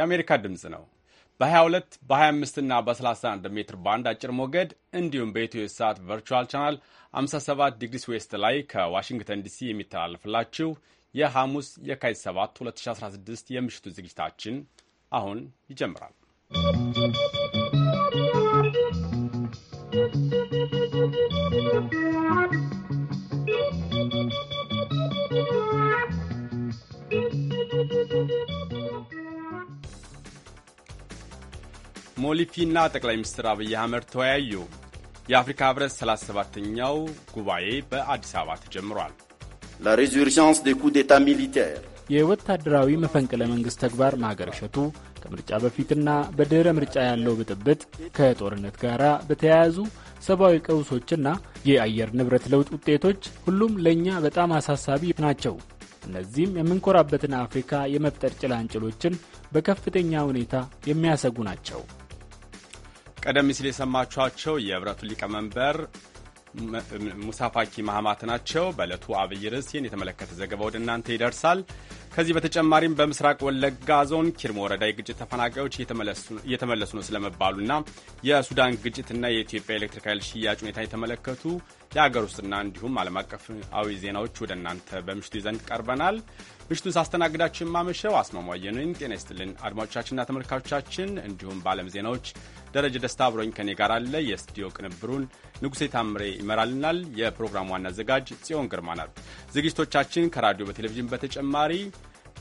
የአሜሪካ ድምፅ ነው። በ22 በ25ና በ31 ሜትር ባንድ አጭር ሞገድ እንዲሁም በኢትዮ ሰዓት ቨርቹዋል ቻናል 57 ዲግሪስ ዌስት ላይ ከዋሽንግተን ዲሲ የሚተላለፍላችሁ የሐሙስ የካቲት 7 2016 የምሽቱ ዝግጅታችን አሁን ይጀምራል። ሞሊፊና ጠቅላይ ሚኒስትር አብይ አህመድ ተወያዩ። የአፍሪካ ህብረት 37ኛው ጉባኤ በአዲስ አበባ ተጀምሯል። La résurgence des coups የወታደራዊ መፈንቅለ መንግሥት ተግባር ማገርሸቱ ከምርጫ በፊትና በድኅረ ምርጫ ያለው ብጥብጥ ከጦርነት ጋር በተያያዙ ሰብአዊ ቀውሶችና የአየር ንብረት ለውጥ ውጤቶች ሁሉም ለእኛ በጣም አሳሳቢ ናቸው። እነዚህም የምንኮራበትን አፍሪካ የመፍጠር ጭላንጭሎችን በከፍተኛ ሁኔታ የሚያሰጉ ናቸው። ቀደም ሲል የሰማችኋቸው የህብረቱ ሊቀመንበር ሙሳፋኪ ማህማት ናቸው። በዕለቱ አብይ ርዕስ ይህን የተመለከተ ዘገባ ወደ እናንተ ይደርሳል። ከዚህ በተጨማሪም በምስራቅ ወለጋ ዞን ኪርሞ ወረዳ የግጭት ተፈናቃዮች እየተመለሱ ነው ስለመባሉና የሱዳን ግጭትና የኢትዮጵያ ኤሌክትሪክ ኃይል ሽያጭ ሁኔታ የተመለከቱ የአገር ውስጥና እንዲሁም ዓለም አቀፋዊ ዜናዎች ወደ እናንተ በምሽቱ ይዘንድ ቀርበናል። ምሽቱን ሳስተናግዳችን ማመሸው አስማሟየ ነኝ። ጤና ይስጥልን አድማጮቻችንና ተመልካቾቻችን፣ እንዲሁም በዓለም ዜናዎች ደረጀ ደስታ አብሮኝ ከኔ ጋር አለ። የስቱዲዮ ቅንብሩን ንጉሴ ታምሬ ይመራልናል። የፕሮግራም ዋና አዘጋጅ ጽዮን ግርማ ናት። ዝግጅቶቻችን ከራዲዮ በቴሌቪዥን በተጨማሪ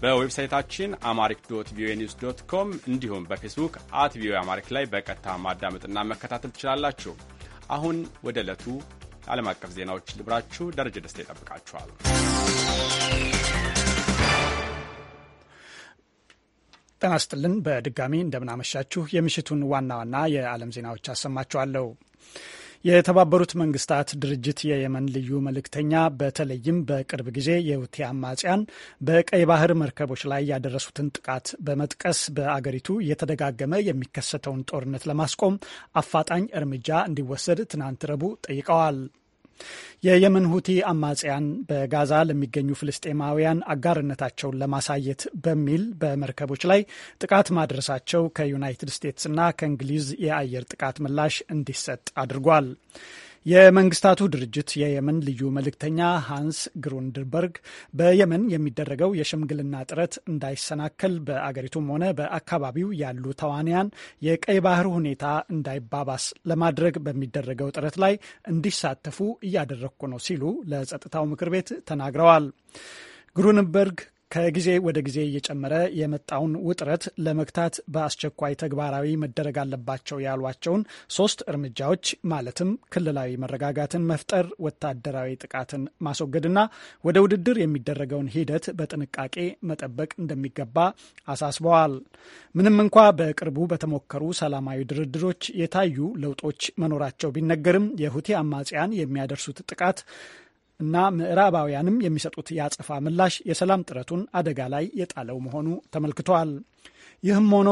በዌብሳይታችን አማሪክ ዶት ቪኦኤ ኒውስ ዶት ኮም እንዲሁም በፌስቡክ አት ቪኦኤ አማሪክ ላይ በቀጥታ ማዳመጥና መከታተል ትችላላችሁ። አሁን ወደ ዕለቱ ዓለም አቀፍ ዜናዎች ልብራችሁ ደረጀ ደስታ ይጠብቃችኋል። ጤና ይስጥልን። በድጋሚ እንደምናመሻችሁ የምሽቱን ዋና ዋና የዓለም ዜናዎች አሰማችኋለሁ። የተባበሩት መንግስታት ድርጅት የየመን ልዩ መልእክተኛ በተለይም በቅርብ ጊዜ የሁቲ አማጽያን በቀይ ባህር መርከቦች ላይ ያደረሱትን ጥቃት በመጥቀስ በአገሪቱ እየተደጋገመ የሚከሰተውን ጦርነት ለማስቆም አፋጣኝ እርምጃ እንዲወሰድ ትናንት ረቡዕ ጠይቀዋል። የየመን ሁቲ አማጽያን በጋዛ ለሚገኙ ፍልስጤማውያን አጋርነታቸውን ለማሳየት በሚል በመርከቦች ላይ ጥቃት ማድረሳቸው ከዩናይትድ ስቴትስና ከእንግሊዝ የአየር ጥቃት ምላሽ እንዲሰጥ አድርጓል። የመንግስታቱ ድርጅት የየመን ልዩ መልእክተኛ ሃንስ ግሩንድበርግ በየመን የሚደረገው የሽምግልና ጥረት እንዳይሰናከል በአገሪቱም ሆነ በአካባቢው ያሉ ተዋንያን የቀይ ባህር ሁኔታ እንዳይባባስ ለማድረግ በሚደረገው ጥረት ላይ እንዲሳተፉ እያደረግኩ ነው ሲሉ ለጸጥታው ምክር ቤት ተናግረዋል። ግሩንበርግ ከጊዜ ወደ ጊዜ እየጨመረ የመጣውን ውጥረት ለመግታት በአስቸኳይ ተግባራዊ መደረግ አለባቸው ያሏቸውን ሶስት እርምጃዎች ማለትም ክልላዊ መረጋጋትን መፍጠር፣ ወታደራዊ ጥቃትን ማስወገድና ወደ ውድድር የሚደረገውን ሂደት በጥንቃቄ መጠበቅ እንደሚገባ አሳስበዋል። ምንም እንኳ በቅርቡ በተሞከሩ ሰላማዊ ድርድሮች የታዩ ለውጦች መኖራቸው ቢነገርም የሁቲ አማጽያን የሚያደርሱት ጥቃት እና ምዕራባውያንም የሚሰጡት የአጸፋ ምላሽ የሰላም ጥረቱን አደጋ ላይ የጣለው መሆኑ ተመልክቷል። ይህም ሆኖ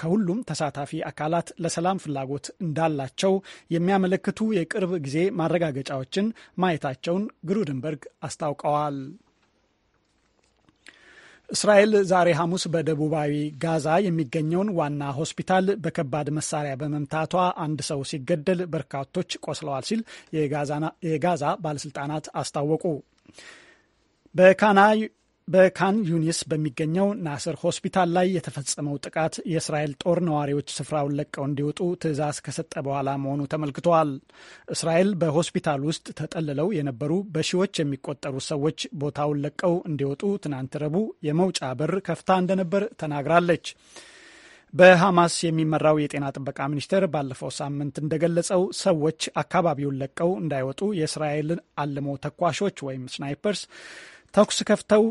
ከሁሉም ተሳታፊ አካላት ለሰላም ፍላጎት እንዳላቸው የሚያመለክቱ የቅርብ ጊዜ ማረጋገጫዎችን ማየታቸውን ግሩድንበርግ አስታውቀዋል። እስራኤል ዛሬ ሐሙስ በደቡባዊ ጋዛ የሚገኘውን ዋና ሆስፒታል በከባድ መሳሪያ በመምታቷ አንድ ሰው ሲገደል በርካቶች ቆስለዋል ሲል የጋዛ ባለስልጣናት አስታወቁ። በካና በካን ዩኒስ በሚገኘው ናስር ሆስፒታል ላይ የተፈጸመው ጥቃት የእስራኤል ጦር ነዋሪዎች ስፍራውን ለቀው እንዲወጡ ትዕዛዝ ከሰጠ በኋላ መሆኑ ተመልክተዋል። እስራኤል በሆስፒታል ውስጥ ተጠልለው የነበሩ በሺዎች የሚቆጠሩ ሰዎች ቦታውን ለቀው እንዲወጡ ትናንት ረቡዕ የመውጫ በር ከፍታ እንደነበር ተናግራለች። በሐማስ የሚመራው የጤና ጥበቃ ሚኒስቴር ባለፈው ሳምንት እንደገለጸው ሰዎች አካባቢውን ለቀው እንዳይወጡ የእስራኤል አልሞ ተኳሾች ወይም ስናይፐርስ ተኩስ ከፍተው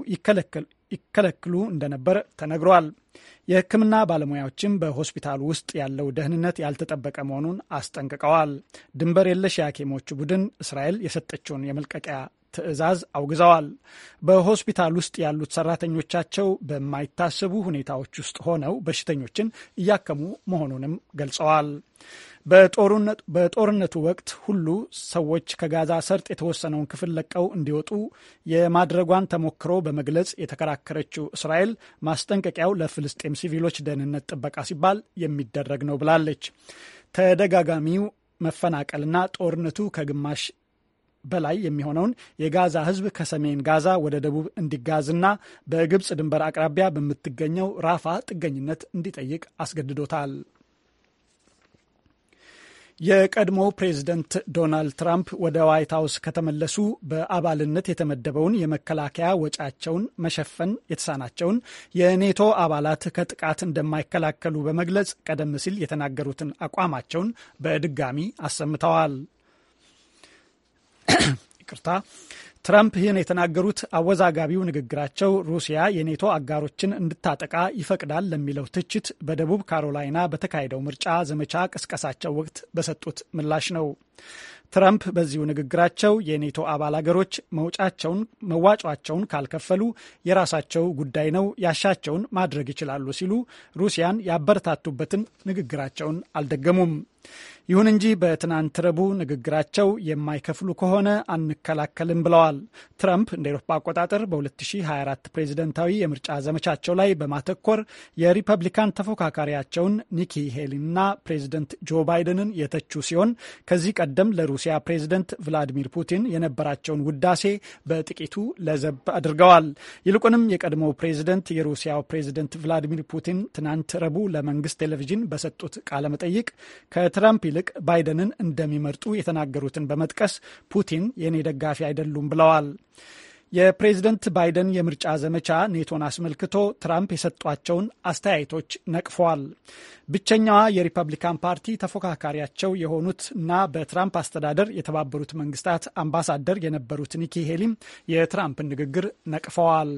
ይከለክሉ እንደነበር ተነግሯል። የሕክምና ባለሙያዎችም በሆስፒታል ውስጥ ያለው ደህንነት ያልተጠበቀ መሆኑን አስጠንቅቀዋል። ድንበር የለሽ የሐኪሞቹ ቡድን እስራኤል የሰጠችውን የመልቀቂያ ትዕዛዝ አውግዘዋል። በሆስፒታል ውስጥ ያሉት ሰራተኞቻቸው በማይታሰቡ ሁኔታዎች ውስጥ ሆነው በሽተኞችን እያከሙ መሆኑንም ገልጸዋል። በጦርነቱ ወቅት ሁሉ ሰዎች ከጋዛ ሰርጥ የተወሰነውን ክፍል ለቀው እንዲወጡ የማድረጓን ተሞክሮ በመግለጽ የተከራከረችው እስራኤል ማስጠንቀቂያው ለፍልስጤም ሲቪሎች ደህንነት ጥበቃ ሲባል የሚደረግ ነው ብላለች። ተደጋጋሚው መፈናቀልና ጦርነቱ ከግማሽ በላይ የሚሆነውን የጋዛ ህዝብ ከሰሜን ጋዛ ወደ ደቡብ እንዲጋዝና በግብፅ ድንበር አቅራቢያ በምትገኘው ራፋ ጥገኝነት እንዲጠይቅ አስገድዶታል። የቀድሞ ፕሬዝደንት ዶናልድ ትራምፕ ወደ ዋይት ሀውስ ከተመለሱ በአባልነት የተመደበውን የመከላከያ ወጫቸውን መሸፈን የተሳናቸውን የኔቶ አባላት ከጥቃት እንደማይከላከሉ በመግለጽ ቀደም ሲል የተናገሩትን አቋማቸውን በድጋሚ አሰምተዋል። ይቅርታ ትራምፕ ይህን የተናገሩት አወዛጋቢው ንግግራቸው ሩሲያ የኔቶ አጋሮችን እንድታጠቃ ይፈቅዳል ለሚለው ትችት በደቡብ ካሮላይና በተካሄደው ምርጫ ዘመቻ ቅስቀሳቸው ወቅት በሰጡት ምላሽ ነው። ትራምፕ በዚሁ ንግግራቸው የኔቶ አባል አገሮች መውጫቸውን መዋጯቸውን ካልከፈሉ የራሳቸው ጉዳይ ነው፣ ያሻቸውን ማድረግ ይችላሉ ሲሉ ሩሲያን ያበረታቱበትን ንግግራቸውን አልደገሙም። ይሁን እንጂ በትናንት ረቡዕ ንግግራቸው የማይከፍሉ ከሆነ አንከላከልም ብለዋል። ትራምፕ እንደ ኤሮፓ አቆጣጠር በ2024 ፕሬዝደንታዊ የምርጫ ዘመቻቸው ላይ በማተኮር የሪፐብሊካን ተፎካካሪያቸውን ኒኪ ሄሊንና ፕሬዝደንት ጆ ባይደንን የተቹ ሲሆን ከዚህ ቀደም ለሩሲያ ፕሬዝደንት ቭላዲሚር ፑቲን የነበራቸውን ውዳሴ በጥቂቱ ለዘብ አድርገዋል። ይልቁንም የቀድሞው ፕሬዝደንት የሩሲያው ፕሬዝደንት ቭላዲሚር ፑቲን ትናንት ረቡዕ ለመንግስት ቴሌቪዥን በሰጡት ቃለመጠይቅ ከ ከትራምፕ ይልቅ ባይደንን እንደሚመርጡ የተናገሩትን በመጥቀስ ፑቲን የኔ ደጋፊ አይደሉም ብለዋል። የፕሬዝደንት ባይደን የምርጫ ዘመቻ ኔቶን አስመልክቶ ትራምፕ የሰጧቸውን አስተያየቶች ነቅፈዋል። ብቸኛዋ የሪፐብሊካን ፓርቲ ተፎካካሪያቸው የሆኑት እና በትራምፕ አስተዳደር የተባበሩት መንግስታት አምባሳደር የነበሩት ኒኪ ሄሊም የትራምፕን ንግግር ነቅፈዋል።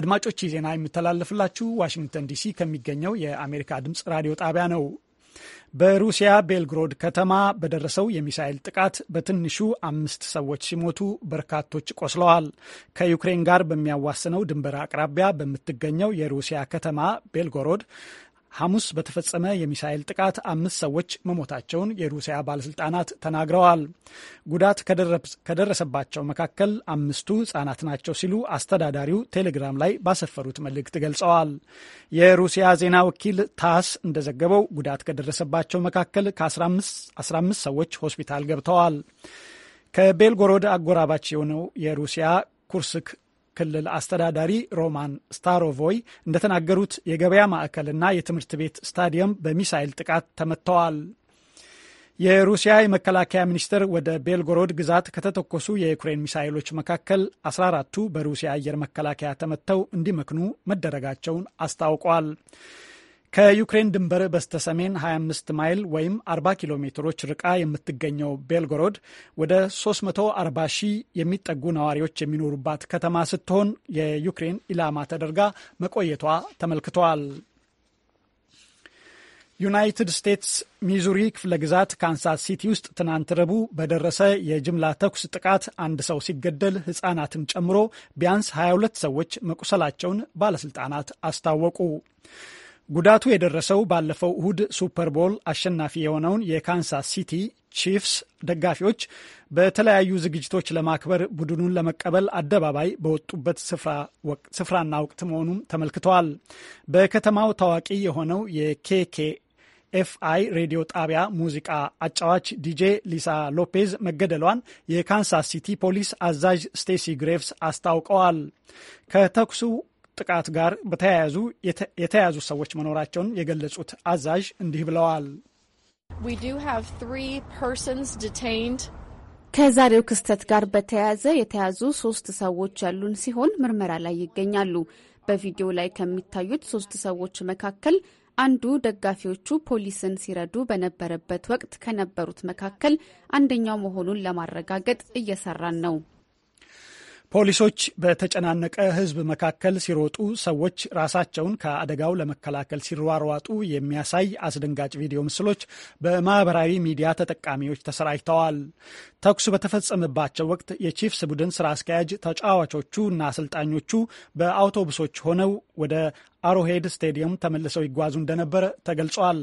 አድማጮች፣ ዜና የሚተላለፍላችሁ ዋሽንግተን ዲሲ ከሚገኘው የአሜሪካ ድምፅ ራዲዮ ጣቢያ ነው። በሩሲያ ቤልግሮድ ከተማ በደረሰው የሚሳኤል ጥቃት በትንሹ አምስት ሰዎች ሲሞቱ በርካቶች ቆስለዋል። ከዩክሬን ጋር በሚያዋስነው ድንበር አቅራቢያ በምትገኘው የሩሲያ ከተማ ቤልጎሮድ ሐሙስ በተፈጸመ የሚሳኤል ጥቃት አምስት ሰዎች መሞታቸውን የሩሲያ ባለስልጣናት ተናግረዋል። ጉዳት ከደረሰባቸው መካከል አምስቱ ህጻናት ናቸው ሲሉ አስተዳዳሪው ቴሌግራም ላይ ባሰፈሩት መልእክት ገልጸዋል። የሩሲያ ዜና ወኪል ታስ እንደዘገበው ጉዳት ከደረሰባቸው መካከል ከ15 ሰዎች ሆስፒታል ገብተዋል። ከቤልጎሮድ አጎራባች የሆነው የሩሲያ ኩርስክ ክልል አስተዳዳሪ ሮማን ስታሮቮይ እንደተናገሩት የገበያ ማዕከልና የትምህርት ቤት ስታዲየም በሚሳይል ጥቃት ተመትተዋል። የሩሲያ የመከላከያ ሚኒስትር ወደ ቤልጎሮድ ግዛት ከተተኮሱ የዩክሬን ሚሳይሎች መካከል 14ቱ በሩሲያ አየር መከላከያ ተመትተው እንዲመክኑ መደረጋቸውን አስታውቋል። ከዩክሬን ድንበር በስተሰሜን 25 ማይል ወይም 40 ኪሎ ሜትሮች ርቃ የምትገኘው ቤልጎሮድ ወደ 340 ሺህ የሚጠጉ ነዋሪዎች የሚኖሩባት ከተማ ስትሆን የዩክሬን ኢላማ ተደርጋ መቆየቷ ተመልክተዋል። ዩናይትድ ስቴትስ ሚዙሪ ክፍለ ግዛት ካንሳስ ሲቲ ውስጥ ትናንት ረቡዕ በደረሰ የጅምላ ተኩስ ጥቃት አንድ ሰው ሲገደል ሕፃናትን ጨምሮ ቢያንስ 22 ሰዎች መቁሰላቸውን ባለሥልጣናት አስታወቁ። ጉዳቱ የደረሰው ባለፈው እሁድ ሱፐር ቦል አሸናፊ የሆነውን የካንሳስ ሲቲ ቺፍስ ደጋፊዎች በተለያዩ ዝግጅቶች ለማክበር ቡድኑን ለመቀበል አደባባይ በወጡበት ስፍራና ወቅት መሆኑም ተመልክተዋል። በከተማው ታዋቂ የሆነው የኬኬ ኤፍአይ ሬዲዮ ጣቢያ ሙዚቃ አጫዋች ዲጄ ሊሳ ሎፔዝ መገደሏን የካንሳስ ሲቲ ፖሊስ አዛዥ ስቴሲ ግሬቭስ አስታውቀዋል። ከተኩሱ ጥቃት ጋር በተያያዙ የተያዙ ሰዎች መኖራቸውን የገለጹት አዛዥ እንዲህ ብለዋል። ከዛሬው ክስተት ጋር በተያያዘ የተያዙ ሶስት ሰዎች ያሉን ሲሆን ምርመራ ላይ ይገኛሉ። በቪዲዮ ላይ ከሚታዩት ሶስት ሰዎች መካከል አንዱ ደጋፊዎቹ ፖሊስን ሲረዱ በነበረበት ወቅት ከነበሩት መካከል አንደኛው መሆኑን ለማረጋገጥ እየሰራን ነው። ፖሊሶች በተጨናነቀ ሕዝብ መካከል ሲሮጡ ሰዎች ራሳቸውን ከአደጋው ለመከላከል ሲሯሯጡ የሚያሳይ አስደንጋጭ ቪዲዮ ምስሎች በማህበራዊ ሚዲያ ተጠቃሚዎች ተሰራጭተዋል። ተኩሱ በተፈጸመባቸው ወቅት የቺፍስ ቡድን ስራ አስኪያጅ ተጫዋቾቹ እና አሰልጣኞቹ በአውቶቡሶች ሆነው ወደ አሮሄድ ስቴዲየም ተመልሰው ይጓዙ እንደነበረ ተገልጿል።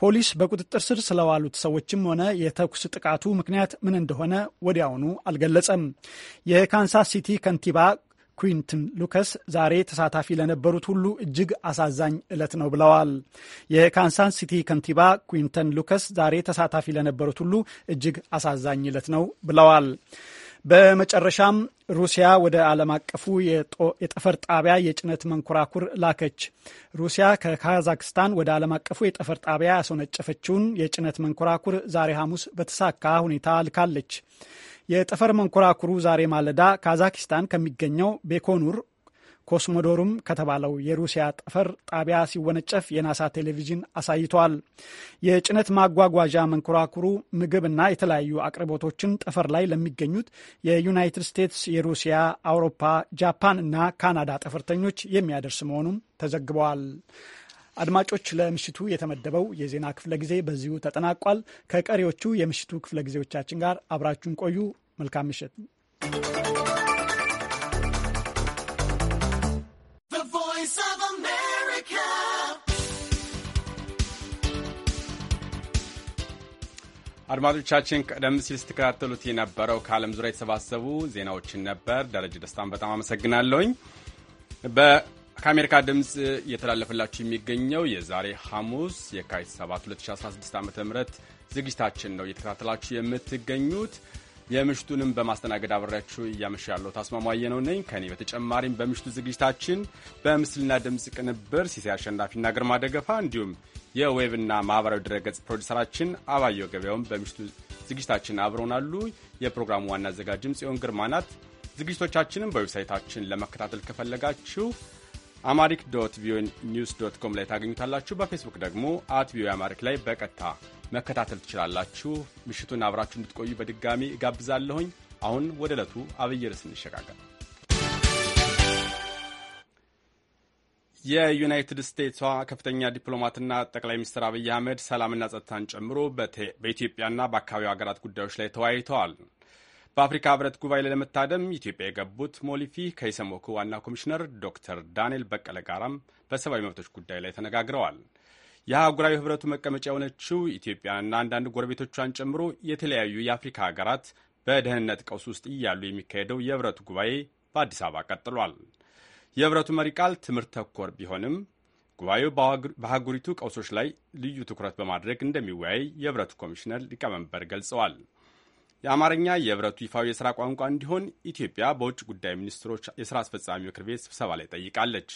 ፖሊስ በቁጥጥር ስር ስለዋሉት ሰዎችም ሆነ የተኩስ ጥቃቱ ምክንያት ምን እንደሆነ ወዲያውኑ አልገለጸም። የካንሳስ ሲቲ ከንቲባ ኩዊንትን ሉከስ ዛሬ ተሳታፊ ለነበሩት ሁሉ እጅግ አሳዛኝ ዕለት ነው ብለዋል። የካንሳስ ሲቲ ከንቲባ ኩዊንተን ሉከስ ዛሬ ተሳታፊ ለነበሩት ሁሉ እጅግ አሳዛኝ ዕለት ነው ብለዋል። በመጨረሻም ሩሲያ ወደ ዓለም አቀፉ የጠፈር ጣቢያ የጭነት መንኮራኩር ላከች። ሩሲያ ከካዛክስታን ወደ ዓለም አቀፉ የጠፈር ጣቢያ ያስወነጨፈችውን የጭነት መንኮራኩር ዛሬ ሐሙስ በተሳካ ሁኔታ ልካለች። የጠፈር መንኮራኩሩ ዛሬ ማለዳ ካዛኪስታን ከሚገኘው ቤኮኑር ኮስሞዶሩም ከተባለው የሩሲያ ጠፈር ጣቢያ ሲወነጨፍ የናሳ ቴሌቪዥን አሳይቷል። የጭነት ማጓጓዣ መንኮራኩሩ ምግብና የተለያዩ አቅርቦቶችን ጠፈር ላይ ለሚገኙት የዩናይትድ ስቴትስ፣ የሩሲያ፣ አውሮፓ፣ ጃፓን እና ካናዳ ጠፈርተኞች የሚያደርስ መሆኑም ተዘግበዋል። አድማጮች፣ ለምሽቱ የተመደበው የዜና ክፍለ ጊዜ በዚሁ ተጠናቋል። ከቀሪዎቹ የምሽቱ ክፍለ ጊዜዎቻችን ጋር አብራችሁን ቆዩ። መልካም ምሽት። አድማጮቻችን ቀደም ሲል ስትከታተሉት የነበረው ከዓለም ዙሪያ የተሰባሰቡ ዜናዎችን ነበር። ደረጀ ደስታን በጣም አመሰግናለሁኝ። ከአሜሪካ ድምፅ እየተላለፈላችሁ የሚገኘው የዛሬ ሐሙስ የካቲት 7 2016 ዓ ም ዝግጅታችን ነው እየተከታተላችሁ የምትገኙት። የምሽቱንም በማስተናገድ አብሬያችሁ እያመሻ ያለው ታስማማየ ነው ነኝ። ከኔ በተጨማሪም በምሽቱ ዝግጅታችን በምስልና ድምፅ ቅንብር ሲሴ አሸናፊና ግርማ ደገፋ እንዲሁም የዌብና ማህበራዊ ድረገጽ ፕሮዲሰራችን አባየው ገበያውን በምሽቱ ዝግጅታችን አብረውናሉ። የፕሮግራሙ ዋና አዘጋጅም ጽዮን ግርማ ናት። ዝግጅቶቻችንም በዌብሳይታችን ለመከታተል ከፈለጋችሁ አማሪክ ዶት ቪኦኤ ኒውስ ዶት ኮም ላይ ታገኙታላችሁ። በፌስቡክ ደግሞ አት ቪኦኤ አማሪክ ላይ በቀጥታ መከታተል ትችላላችሁ። ምሽቱን አብራችሁ እንድትቆዩ በድጋሚ እጋብዛለሁኝ። አሁን ወደ ዕለቱ አብይ ርዕስ እንሸጋገር። የዩናይትድ ስቴትሷ ከፍተኛ ዲፕሎማትና ጠቅላይ ሚኒስትር አብይ አህመድ ሰላምና ጸጥታን ጨምሮ በኢትዮጵያና በአካባቢው ሀገራት ጉዳዮች ላይ ተወያይተዋል። በአፍሪካ ህብረት ጉባኤ ለመታደም ኢትዮጵያ የገቡት ሞሊፊ ከኢሰመኮ ዋና ኮሚሽነር ዶክተር ዳንኤል በቀለ ጋራም በሰብአዊ መብቶች ጉዳይ ላይ ተነጋግረዋል። የአህጉራዊ ህብረቱ መቀመጫ የሆነችው ኢትዮጵያና አንዳንድ ጎረቤቶቿን ጨምሮ የተለያዩ የአፍሪካ ሀገራት በደህንነት ቀውስ ውስጥ እያሉ የሚካሄደው የህብረቱ ጉባኤ በአዲስ አበባ ቀጥሏል። የህብረቱ መሪ ቃል ትምህርት ተኮር ቢሆንም ጉባኤው በአህጉሪቱ ቀውሶች ላይ ልዩ ትኩረት በማድረግ እንደሚወያይ የህብረቱ ኮሚሽነር ሊቀመንበር ገልጸዋል። የአማርኛ የህብረቱ ይፋዊ የሥራ ቋንቋ እንዲሆን ኢትዮጵያ በውጭ ጉዳይ ሚኒስትሮች የሥራ አስፈጻሚ ምክር ቤት ስብሰባ ላይ ጠይቃለች።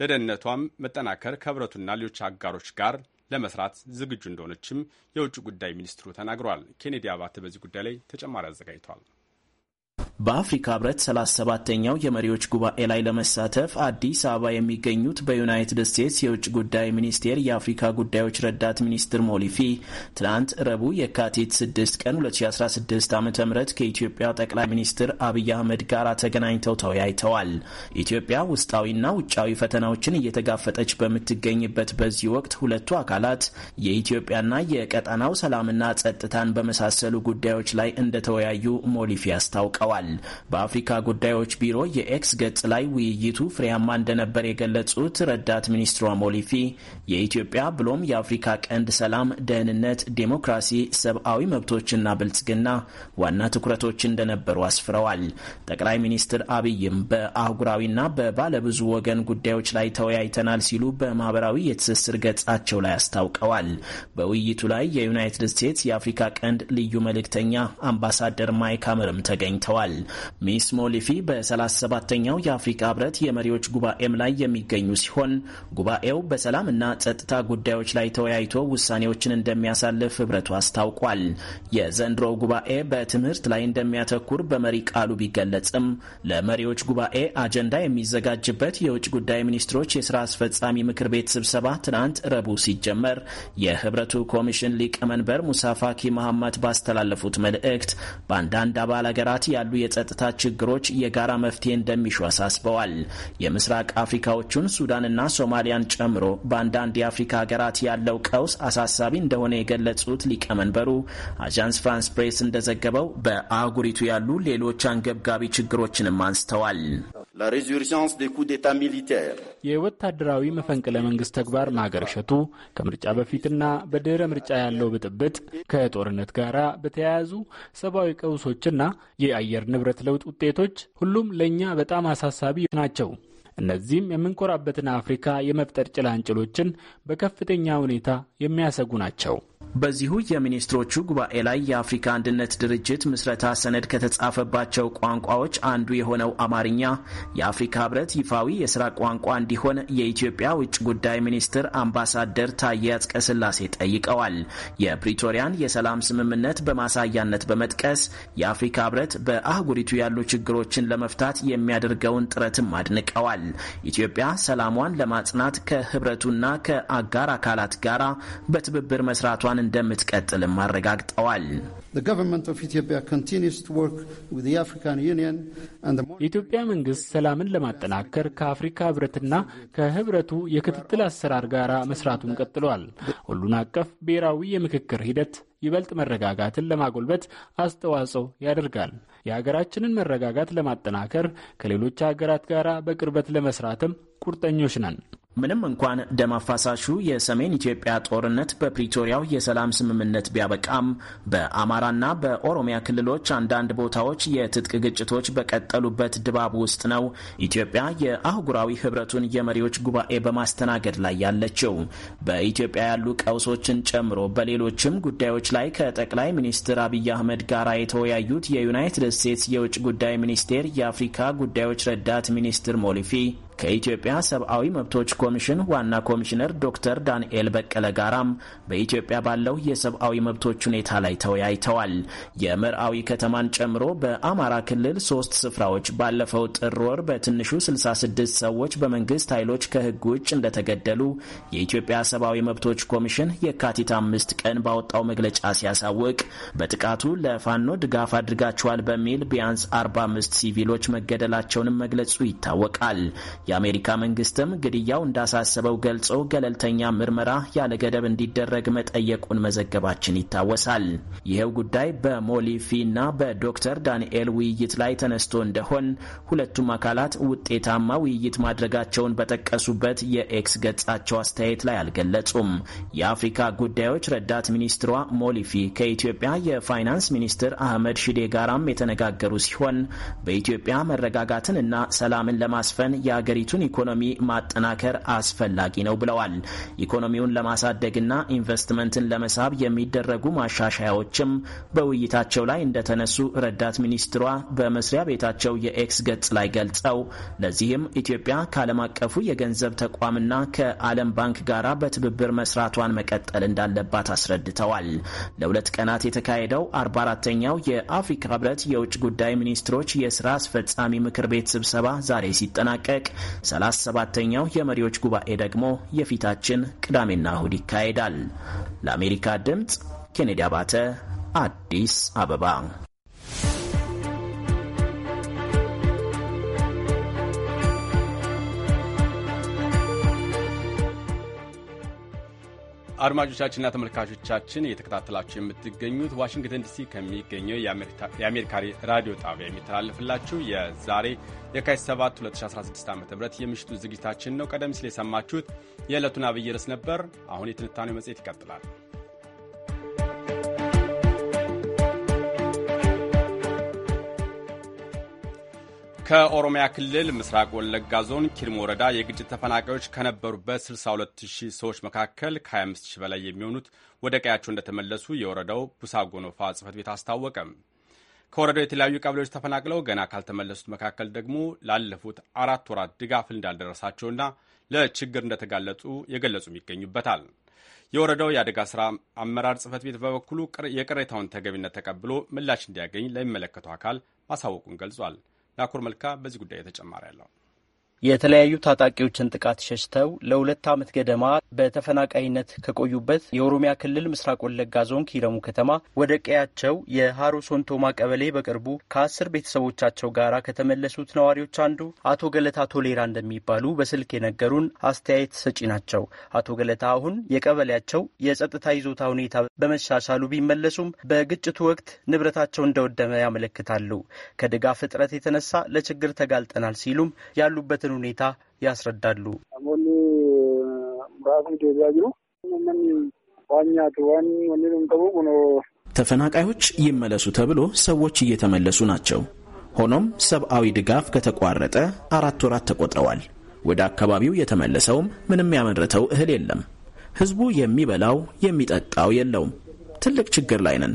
ለደህንነቷም መጠናከር ከህብረቱና ሌሎች አጋሮች ጋር ለመስራት ዝግጁ እንደሆነችም የውጭ ጉዳይ ሚኒስትሩ ተናግሯል። ኬኔዲ አባተ በዚህ ጉዳይ ላይ ተጨማሪ አዘጋጅቷል። በአፍሪካ ህብረት 37 ተኛው የመሪዎች ጉባኤ ላይ ለመሳተፍ አዲስ አበባ የሚገኙት በዩናይትድ ስቴትስ የውጭ ጉዳይ ሚኒስቴር የአፍሪካ ጉዳዮች ረዳት ሚኒስትር ሞሊፊ ትናንት ረቡዕ የካቲት 6 ቀን 2016 ዓ ም ከኢትዮጵያ ጠቅላይ ሚኒስትር አብይ አህመድ ጋር ተገናኝተው ተወያይተዋል። ኢትዮጵያ ውስጣዊና ውጫዊ ፈተናዎችን እየተጋፈጠች በምትገኝበት በዚህ ወቅት ሁለቱ አካላት የኢትዮጵያና የቀጠናው ሰላምና ጸጥታን በመሳሰሉ ጉዳዮች ላይ እንደተወያዩ ሞሊፊ አስታውቀዋል። በአፍሪካ ጉዳዮች ቢሮ የኤክስ ገጽ ላይ ውይይቱ ፍሬያማ እንደነበር የገለጹት ረዳት ሚኒስትሯ ሞሊፊ የኢትዮጵያ ብሎም የአፍሪካ ቀንድ ሰላም፣ ደህንነት፣ ዴሞክራሲ፣ ሰብአዊ መብቶችና ብልጽግና ዋና ትኩረቶች እንደነበሩ አስፍረዋል። ጠቅላይ ሚኒስትር አብይም በአህጉራዊና በባለብዙ ወገን ጉዳዮች ላይ ተወያይተናል ሲሉ በማህበራዊ የትስስር ገጻቸው ላይ አስታውቀዋል። በውይይቱ ላይ የዩናይትድ ስቴትስ የአፍሪካ ቀንድ ልዩ መልእክተኛ አምባሳደር ማይክ አመርም ተገኝተዋል። ሚስ ሞሊፊ በ 37 የአፍሪካ ህብረት የመሪዎች ጉባኤም ላይ የሚገኙ ሲሆን ጉባኤው በሰላምና ጸጥታ ጉዳዮች ላይ ተወያይቶ ውሳኔዎችን እንደሚያሳልፍ ህብረቱ አስታውቋል። የዘንድሮው ጉባኤ በትምህርት ላይ እንደሚያተኩር በመሪ ቃሉ ቢገለጽም ለመሪዎች ጉባኤ አጀንዳ የሚዘጋጅበት የውጭ ጉዳይ ሚኒስትሮች የስራ አስፈጻሚ ምክር ቤት ስብሰባ ትናንት ረቡዕ ሲጀመር የህብረቱ ኮሚሽን ሊቀመንበር ሙሳ ፋኪ መሐማት ባስተላለፉት መልእክት በአንዳንድ አባል ሀገራት ያሉ የ የጸጥታ ችግሮች የጋራ መፍትሄ እንደሚሹ አሳስበዋል። የምስራቅ አፍሪካዎቹን ሱዳንና ሶማሊያን ጨምሮ በአንዳንድ የአፍሪካ ሀገራት ያለው ቀውስ አሳሳቢ እንደሆነ የገለጹት ሊቀመንበሩ አጃንስ ፍራንስ ፕሬስ እንደዘገበው በአህጉሪቱ ያሉ ሌሎች አንገብጋቢ ችግሮችንም አንስተዋል። የወታደራዊ መፈንቅለ መንግስት ተግባር ማገርሸቱ ከምርጫ በፊትና በድህረ ምርጫ ያለው ብጥብጥ፣ ከጦርነት ጋራ በተያያዙ ሰብአዊ ቀውሶችና የአየር ንብረት ለውጥ ውጤቶች ሁሉም ለእኛ በጣም አሳሳቢ ናቸው። እነዚህም የምንኮራበትን አፍሪካ የመፍጠር ጭላንጭሎችን በከፍተኛ ሁኔታ የሚያሰጉ ናቸው። በዚሁ የሚኒስትሮቹ ጉባኤ ላይ የአፍሪካ አንድነት ድርጅት ምስረታ ሰነድ ከተጻፈባቸው ቋንቋዎች አንዱ የሆነው አማርኛ የአፍሪካ ሕብረት ይፋዊ የስራ ቋንቋ እንዲሆን የኢትዮጵያ ውጭ ጉዳይ ሚኒስትር አምባሳደር ታዬ አጽቀሥላሴ ጠይቀዋል። የፕሪቶሪያን የሰላም ስምምነት በማሳያነት በመጥቀስ የአፍሪካ ሕብረት በአህጉሪቱ ያሉ ችግሮችን ለመፍታት የሚያደርገውን ጥረትም አድንቀዋል። ኢትዮጵያ ሰላሟን ለማጽናት ከህብረቱና ከአጋር አካላት ጋር በትብብር መስራቷ ጥረቷን እንደምትቀጥልም አረጋግጠዋል። የኢትዮጵያ መንግስት ሰላምን ለማጠናከር ከአፍሪካ ህብረትና ከህብረቱ የክትትል አሰራር ጋር መስራቱን ቀጥሏል። ሁሉን አቀፍ ብሔራዊ የምክክር ሂደት ይበልጥ መረጋጋትን ለማጎልበት አስተዋጽኦ ያደርጋል። የሀገራችንን መረጋጋት ለማጠናከር ከሌሎች ሀገራት ጋር በቅርበት ለመስራትም ቁርጠኞች ነን። ምንም እንኳን ደም አፋሳሹ የሰሜን ኢትዮጵያ ጦርነት በፕሪቶሪያው የሰላም ስምምነት ቢያበቃም በአማራና በኦሮሚያ ክልሎች አንዳንድ ቦታዎች የትጥቅ ግጭቶች በቀጠሉበት ድባብ ውስጥ ነው ኢትዮጵያ የአህጉራዊ ህብረቱን የመሪዎች ጉባኤ በማስተናገድ ላይ ያለችው። በኢትዮጵያ ያሉ ቀውሶችን ጨምሮ በሌሎችም ጉዳዮች ላይ ከጠቅላይ ሚኒስትር አብይ አህመድ ጋር የተወያዩት የዩናይትድ ስቴትስ የውጭ ጉዳይ ሚኒስቴር የአፍሪካ ጉዳዮች ረዳት ሚኒስትር ሞሊፊ ከኢትዮጵያ ሰብአዊ መብቶች ኮሚሽን ዋና ኮሚሽነር ዶክተር ዳንኤል በቀለ ጋራም በኢትዮጵያ ባለው የሰብአዊ መብቶች ሁኔታ ላይ ተወያይተዋል። የመርአዊ ከተማን ጨምሮ በአማራ ክልል ሶስት ስፍራዎች ባለፈው ጥር ወር በትንሹ 66 ሰዎች በመንግስት ኃይሎች ከህግ ውጭ እንደተገደሉ የኢትዮጵያ ሰብአዊ መብቶች ኮሚሽን የካቲት አምስት ቀን ባወጣው መግለጫ ሲያሳውቅ በጥቃቱ ለፋኖ ድጋፍ አድርጋችኋል በሚል ቢያንስ 45 ሲቪሎች መገደላቸውንም መግለጹ ይታወቃል። የአሜሪካ መንግስትም ግድያው እንዳሳሰበው ገልጾ ገለልተኛ ምርመራ ያለ ገደብ እንዲደረግ መጠየቁን መዘገባችን ይታወሳል። ይኸው ጉዳይ በሞሊፊ እና በዶክተር ዳንኤል ውይይት ላይ ተነስቶ እንደሆን ሁለቱም አካላት ውጤታማ ውይይት ማድረጋቸውን በጠቀሱበት የኤክስ ገጻቸው አስተያየት ላይ አልገለጹም። የአፍሪካ ጉዳዮች ረዳት ሚኒስትሯ ሞሊፊ ከኢትዮጵያ የፋይናንስ ሚኒስትር አህመድ ሺዴ ጋራም የተነጋገሩ ሲሆን በኢትዮጵያ መረጋጋትን እና ሰላምን ለማስፈን የአገሪ የሀገሪቱን ኢኮኖሚ ማጠናከር አስፈላጊ ነው ብለዋል። ኢኮኖሚውን ለማሳደግና ኢንቨስትመንትን ለመሳብ የሚደረጉ ማሻሻያዎችም በውይይታቸው ላይ እንደተነሱ ረዳት ሚኒስትሯ በመስሪያ ቤታቸው የኤክስ ገጽ ላይ ገልጸው ለዚህም ኢትዮጵያ ከዓለም አቀፉ የገንዘብ ተቋምና ከዓለም ባንክ ጋራ በትብብር መስራቷን መቀጠል እንዳለባት አስረድተዋል። ለሁለት ቀናት የተካሄደው 44ተኛው የአፍሪካ ህብረት የውጭ ጉዳይ ሚኒስትሮች የስራ አስፈጻሚ ምክር ቤት ስብሰባ ዛሬ ሲጠናቀቅ ሰላሳ ሰባተኛው የመሪዎች ጉባኤ ደግሞ የፊታችን ቅዳሜና እሁድ ይካሄዳል። ለአሜሪካ ድምፅ ኬኔዲ አባተ አዲስ አበባ አድማጮቻችንና ተመልካቾቻችን እየተከታተላችሁ የምትገኙት ዋሽንግተን ዲሲ ከሚገኘው የአሜሪካ ራዲዮ ጣቢያ የሚተላለፍላችሁ የዛሬ የካቲት 7 2016 ዓ ም የምሽቱ ዝግጅታችን ነው። ቀደም ሲል የሰማችሁት የዕለቱን አብይ ርዕስ ነበር። አሁን የትንታኔው መጽሔት ይቀጥላል። ከኦሮሚያ ክልል ምስራቅ ወለጋ ዞን ኪርም ወረዳ የግጭት ተፈናቃዮች ከነበሩበት 62000 ሰዎች መካከል ከ25000 በላይ የሚሆኑት ወደ ቀያቸው እንደተመለሱ የወረዳው ቡሳ ጎኖፋ ቤት አስታወቀም። ከወረዳው የተለያዩ ቀበሌዎች ተፈናቅለው ገና ካልተመለሱት መካከል ደግሞ ላለፉት አራት ወራት ድጋፍ እንዳልደረሳቸውና ለችግር እንደተጋለጡ የገለጹም ይገኙበታል። የወረዳው የአደጋ ስራ አመራር ጽፈት ቤት በበኩሉ የቅሬታውን ተገቢነት ተቀብሎ ምላሽ እንዲያገኝ ለሚመለከተው አካል ማሳወቁን ገልጿል። ናኮር መልካ በዚህ ጉዳይ ተጨማሪ ያለው የተለያዩ ታጣቂዎችን ጥቃት ሸሽተው ለሁለት ዓመት ገደማ በተፈናቃይነት ከቆዩበት የኦሮሚያ ክልል ምስራቅ ወለጋ ዞን ኪረሙ ከተማ ወደ ቀያቸው የሃሮ ሶንቶማ ቀበሌ በቅርቡ ከአስር ቤተሰቦቻቸው ጋር ከተመለሱት ነዋሪዎች አንዱ አቶ ገለታ ቶሌራ እንደሚባሉ በስልክ የነገሩን አስተያየት ሰጪ ናቸው። አቶ ገለታ አሁን የቀበሌያቸው የጸጥታ ይዞታ ሁኔታ በመሻሻሉ ቢመለሱም በግጭቱ ወቅት ንብረታቸው እንደወደመ ያመለክታሉ። ከድጋፍ እጥረት የተነሳ ለችግር ተጋልጠናል ሲሉም ያሉበትን ያሉበትን ሁኔታ ያስረዳሉ። ተፈናቃዮች ይመለሱ ተብሎ ሰዎች እየተመለሱ ናቸው። ሆኖም ሰብአዊ ድጋፍ ከተቋረጠ አራት ወራት ተቆጥረዋል። ወደ አካባቢው የተመለሰውም ምንም ያመረተው እህል የለም። ህዝቡ የሚበላው የሚጠጣው የለውም። ትልቅ ችግር ላይ ነን።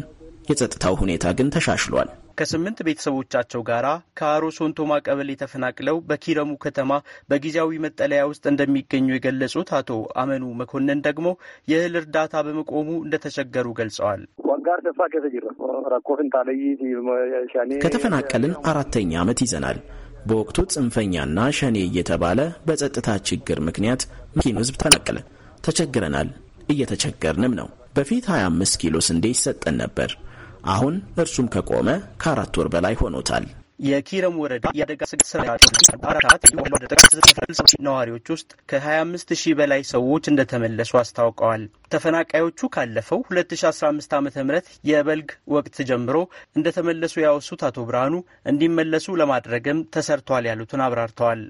የጸጥታው ሁኔታ ግን ተሻሽሏል። ከስምንት ቤተሰቦቻቸው ጋር ከአሮ ሶንቶማ ቀበሌ ተፈናቅለው በኪረሙ ከተማ በጊዜያዊ መጠለያ ውስጥ እንደሚገኙ የገለጹት አቶ አመኑ መኮንን ደግሞ የእህል እርዳታ በመቆሙ እንደተቸገሩ ገልጸዋል። ከተፈናቀልን አራተኛ ዓመት ይዘናል። በወቅቱ ጽንፈኛና ሸኔ እየተባለ በጸጥታ ችግር ምክንያት መኪኑ ህዝብ ተፈናቀለ። ተቸግረናል፣ እየተቸገርንም ነው። በፊት 25 ኪሎ ስንዴ ይሰጠን ነበር። አሁን እርሱም ከቆመ ከአራት ወር በላይ ሆኖታል። የኪረም ወረዳ የአደጋ ስጋት ስራ ነዋሪዎች ውስጥ ከ25 ሺህ በላይ ሰዎች እንደተመለሱ አስታውቀዋል። ተፈናቃዮቹ ካለፈው 2015 ዓ ም የበልግ ወቅት ጀምሮ እንደተመለሱ ያወሱት አቶ ብርሃኑ እንዲመለሱ ለማድረግም ተሰርቷል ያሉትን አብራርተዋል።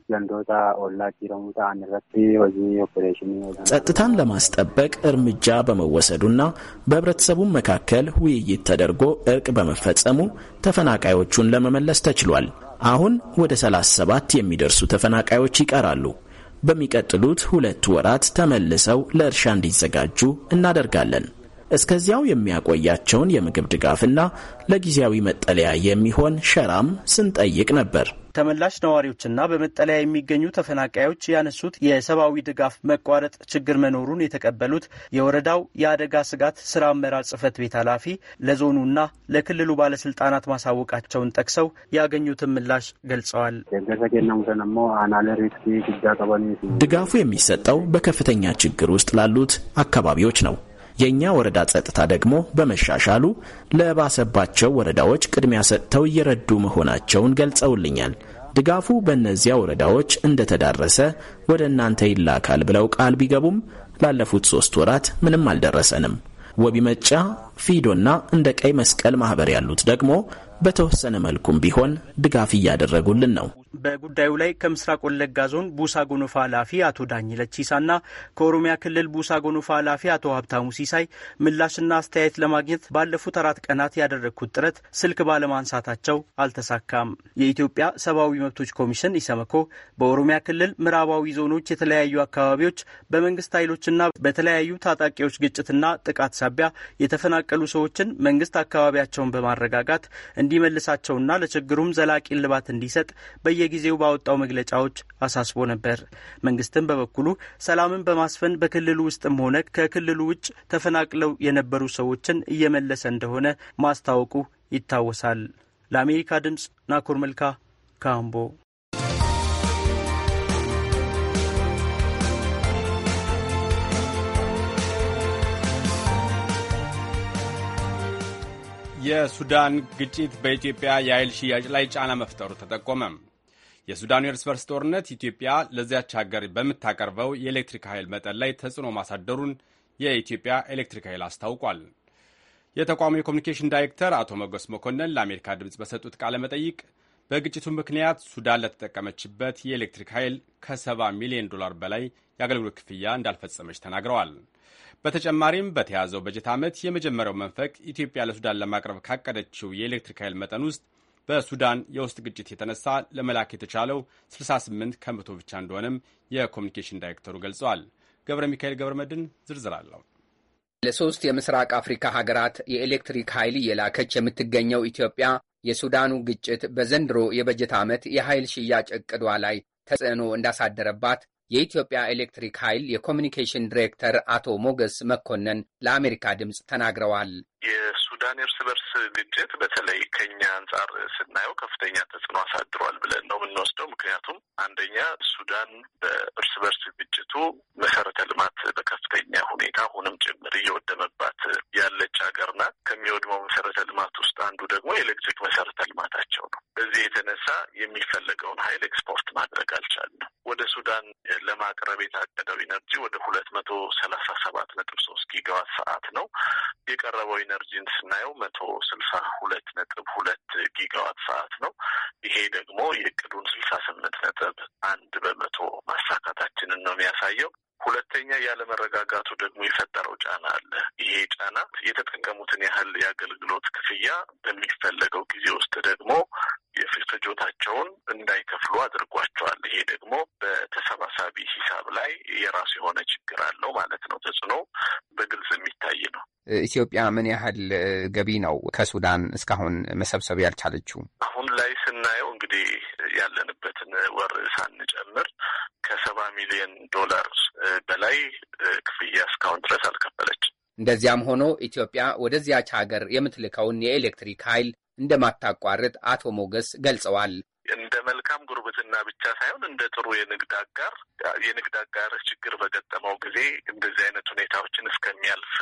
ጸጥታን ለማስጠበቅ እርምጃ በመወሰዱና በህብረተሰቡ መካከል ውይይት ተደርጎ እርቅ በመፈጸሙ ተፈናቃዮቹን ለመመለስ ተችሏል። አሁን ወደ 37 የሚደርሱ ተፈናቃዮች ይቀራሉ። በሚቀጥሉት ሁለት ወራት ተመልሰው ለእርሻ እንዲዘጋጁ እናደርጋለን። እስከዚያው የሚያቆያቸውን የምግብ ድጋፍና ለጊዜያዊ መጠለያ የሚሆን ሸራም ስንጠይቅ ነበር። ተመላሽ ነዋሪዎችና በመጠለያ የሚገኙ ተፈናቃዮች ያነሱት የሰብአዊ ድጋፍ መቋረጥ ችግር መኖሩን የተቀበሉት የወረዳው የአደጋ ስጋት ስራ አመራር ጽህፈት ቤት ኃላፊ ለዞኑና ለክልሉ ባለስልጣናት ማሳወቃቸውን ጠቅሰው ያገኙትን ምላሽ ገልጸዋል። ድጋፉ የሚሰጠው በከፍተኛ ችግር ውስጥ ላሉት አካባቢዎች ነው። የእኛ ወረዳ ጸጥታ ደግሞ በመሻሻሉ ለባሰባቸው ወረዳዎች ቅድሚያ ሰጥተው እየረዱ መሆናቸውን ገልጸውልኛል። ድጋፉ በእነዚያ ወረዳዎች እንደተዳረሰ ወደ እናንተ ይላካል ብለው ቃል ቢገቡም ላለፉት ሶስት ወራት ምንም አልደረሰንም። ወቢ መጫ፣ ፊዶና እንደ ቀይ መስቀል ማህበር ያሉት ደግሞ በተወሰነ መልኩም ቢሆን ድጋፍ እያደረጉልን ነው። በጉዳዩ ላይ ከምስራቅ ወለጋ ዞን ቡሳ ጎኖፋ ኃላፊ አቶ ዳኝለት ሲሳና ከኦሮሚያ ክልል ቡሳ ጎኖፋ ኃላፊ አቶ ሀብታሙ ሲሳይ ምላሽና አስተያየት ለማግኘት ባለፉት አራት ቀናት ያደረግኩት ጥረት ስልክ ባለማንሳታቸው አልተሳካም። የኢትዮጵያ ሰብአዊ መብቶች ኮሚሽን ኢሰመኮ በኦሮሚያ ክልል ምዕራባዊ ዞኖች የተለያዩ አካባቢዎች በመንግስት ኃይሎችና በተለያዩ ታጣቂዎች ግጭትና ጥቃት ሳቢያ የተፈናቀሉ ሰዎችን መንግስት አካባቢያቸውን በማረጋጋት እንዲመልሳቸውና ለችግሩም ዘላቂ እልባት እንዲሰጥ በየ በየጊዜው ባወጣው መግለጫዎች አሳስቦ ነበር። መንግስትም በበኩሉ ሰላምን በማስፈን በክልሉ ውስጥም ሆነ ከክልሉ ውጭ ተፈናቅለው የነበሩ ሰዎችን እየመለሰ እንደሆነ ማስታወቁ ይታወሳል። ለአሜሪካ ድምፅ ናኮር መልካ ካምቦ የሱዳን ግጭት በኢትዮጵያ የኃይል ሽያጭ ላይ ጫና መፍጠሩ ተጠቆመ። የሱዳኑ የእርስ በርስ ጦርነት ኢትዮጵያ ለዚያች ሀገር በምታቀርበው የኤሌክትሪክ ኃይል መጠን ላይ ተጽዕኖ ማሳደሩን የኢትዮጵያ ኤሌክትሪክ ኃይል አስታውቋል። የተቋሙ የኮሚኒኬሽን ዳይሬክተር አቶ መጎስ መኮንን ለአሜሪካ ድምፅ በሰጡት ቃለ መጠይቅ በግጭቱ ምክንያት ሱዳን ለተጠቀመችበት የኤሌክትሪክ ኃይል ከ70 ሚሊዮን ዶላር በላይ የአገልግሎት ክፍያ እንዳልፈጸመች ተናግረዋል። በተጨማሪም በተያዘው በጀት ዓመት የመጀመሪያው መንፈቅ ኢትዮጵያ ለሱዳን ለማቅረብ ካቀደችው የኤሌክትሪክ ኃይል መጠን ውስጥ በሱዳን የውስጥ ግጭት የተነሳ ለመላክ የተቻለው 68 ከመቶ ብቻ እንደሆነም የኮሚኒኬሽን ዳይሬክተሩ ገልጸዋል። ገብረ ሚካኤል ገብረ መድን ዝርዝር አለው። ለሶስት የምስራቅ አፍሪካ ሀገራት የኤሌክትሪክ ኃይል እየላከች የምትገኘው ኢትዮጵያ የሱዳኑ ግጭት በዘንድሮ የበጀት ዓመት የኃይል ሽያጭ እቅዷ ላይ ተጽዕኖ እንዳሳደረባት የኢትዮጵያ ኤሌክትሪክ ኃይል የኮሚኒኬሽን ዲሬክተር አቶ ሞገስ መኮንን ለአሜሪካ ድምፅ ተናግረዋል። የሱዳን እርስ በርስ ግጭት በተለይ ከኛ አንጻር ስናየው ከፍተኛ ተጽዕኖ አሳድሯል ብለን ነው የምንወስደው። ምክንያቱም አንደኛ ሱዳን በእርስ በርስ ግጭቱ መሰረተ ልማት በከፍተኛ ሁኔታ አሁንም ጭምር እየወደመባት ያለች ሀገር ናት። ከሚወድመው መሰረተ ልማት ውስጥ አንዱ ደግሞ የኤሌክትሪክ መሰረተ ልማታቸው ነው። በዚህ የተነሳ የሚፈለገውን ኃይል ኤክስፖርት ማድረግ አልቻልንም። ወደ ሱዳን ለማቅረብ የታቀደው ኢነርጂ ወደ ሁለት መቶ ሰላሳ ሰባት ነጥብ ሶስት ጊጋዋት ሰዓት ነው። የቀረበው ኢነርጂን ስና የምናየው መቶ ስልሳ ሁለት ነጥብ ሁለት ጊጋዋት ሰዓት ነው። ይሄ ደግሞ የእቅዱን ስልሳ ስምንት ነጥብ አንድ በመቶ ማሳካታችንን ነው የሚያሳየው። ሁለተኛ ያለመረጋጋቱ ደግሞ የፈጠረው ጫና አለ። ይሄ ጫና የተጠቀሙትን ያህል የአገልግሎት ክፍያ በሚፈለገው ጊዜ ውስጥ ደግሞ የፍጆታቸውን እንዳይከፍሉ አድርጓቸዋል። ይሄ ደግሞ በተሰባሳቢ ሂሳብ ላይ የራሱ የሆነ ችግር አለው ማለት ነው። ተጽዕኖ በግልጽ የሚታይ ነው። ኢትዮጵያ ምን ያህል ገቢ ነው ከሱዳን እስካሁን መሰብሰብ ያልቻለችው? አሁን ላይ ስናየው እንግዲህ ያለንበትን ወር ሳንጨምር ከሰባ ሚሊዮን ዶላር በላይ ክፍያ እስካሁን ድረስ አልከፈለችም። እንደዚያም ሆኖ ኢትዮጵያ ወደዚያች ሀገር የምትልከውን የኤሌክትሪክ ኃይል እንደማታቋርጥ አቶ ሞገስ ገልጸዋል። እንደ መልካም ጉርብትና ብቻ ሳይሆን እንደ ጥሩ የንግድ አጋር የንግድ አጋር ችግር በገጠመው ጊዜ እንደዚህ አይነት ሁኔታዎችን እስከሚያልፍ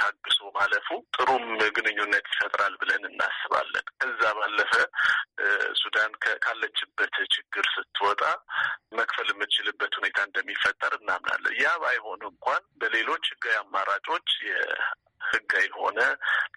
ታግሶ ማለፉ ጥሩም ግንኙነት ይፈጥራል ብለን እናስባለን። ከዛ ባለፈ ሱዳን ካለችበት ችግር ስትወጣ መክፈል የምትችልበት ሁኔታ እንደሚፈጠር እናምናለን። ያ ባይሆን እንኳን በሌሎች ህጋዊ አማራጮች ህጋዊ ሆነ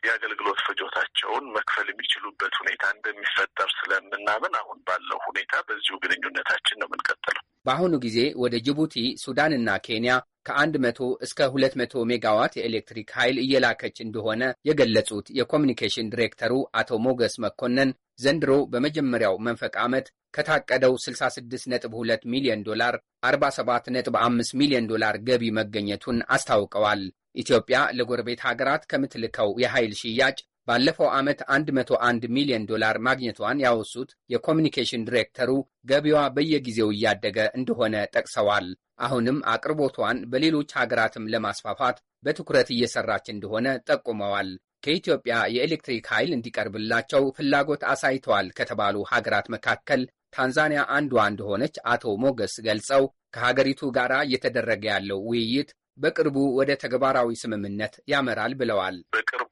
የአገልግሎት ፍጆታቸውን መክፈል የሚችሉበት ሁኔታ እንደሚፈጠር ስለምናምን አሁን ባለው ሁኔታ በዚሁ ግንኙነታችን ነው የምንቀጥለው። በአሁኑ ጊዜ ወደ ጅቡቲ፣ ሱዳንና ኬንያ ከአንድ መቶ እስከ ሁለት መቶ ሜጋዋት የኤሌክትሪክ ኃይል እየላከች እንደሆነ የገለጹት የኮሚኒኬሽን ዲሬክተሩ አቶ ሞገስ መኮንን ዘንድሮ በመጀመሪያው መንፈቅ ዓመት ከታቀደው 66.2 ሚሊዮን ዶላር 47.5 ሚሊዮን ዶላር ገቢ መገኘቱን አስታውቀዋል። ኢትዮጵያ ለጎረቤት ሀገራት ከምትልከው የኃይል ሽያጭ ባለፈው ዓመት 101 ሚሊዮን ዶላር ማግኘቷን ያወሱት የኮሚኒኬሽን ዲሬክተሩ ገቢዋ በየጊዜው እያደገ እንደሆነ ጠቅሰዋል። አሁንም አቅርቦቷን በሌሎች ሀገራትም ለማስፋፋት በትኩረት እየሰራች እንደሆነ ጠቁመዋል። ከኢትዮጵያ የኤሌክትሪክ ኃይል እንዲቀርብላቸው ፍላጎት አሳይተዋል ከተባሉ ሀገራት መካከል ታንዛኒያ አንዷ እንደሆነች አቶ ሞገስ ገልጸው ከሀገሪቱ ጋር እየተደረገ ያለው ውይይት በቅርቡ ወደ ተግባራዊ ስምምነት ያመራል ብለዋል።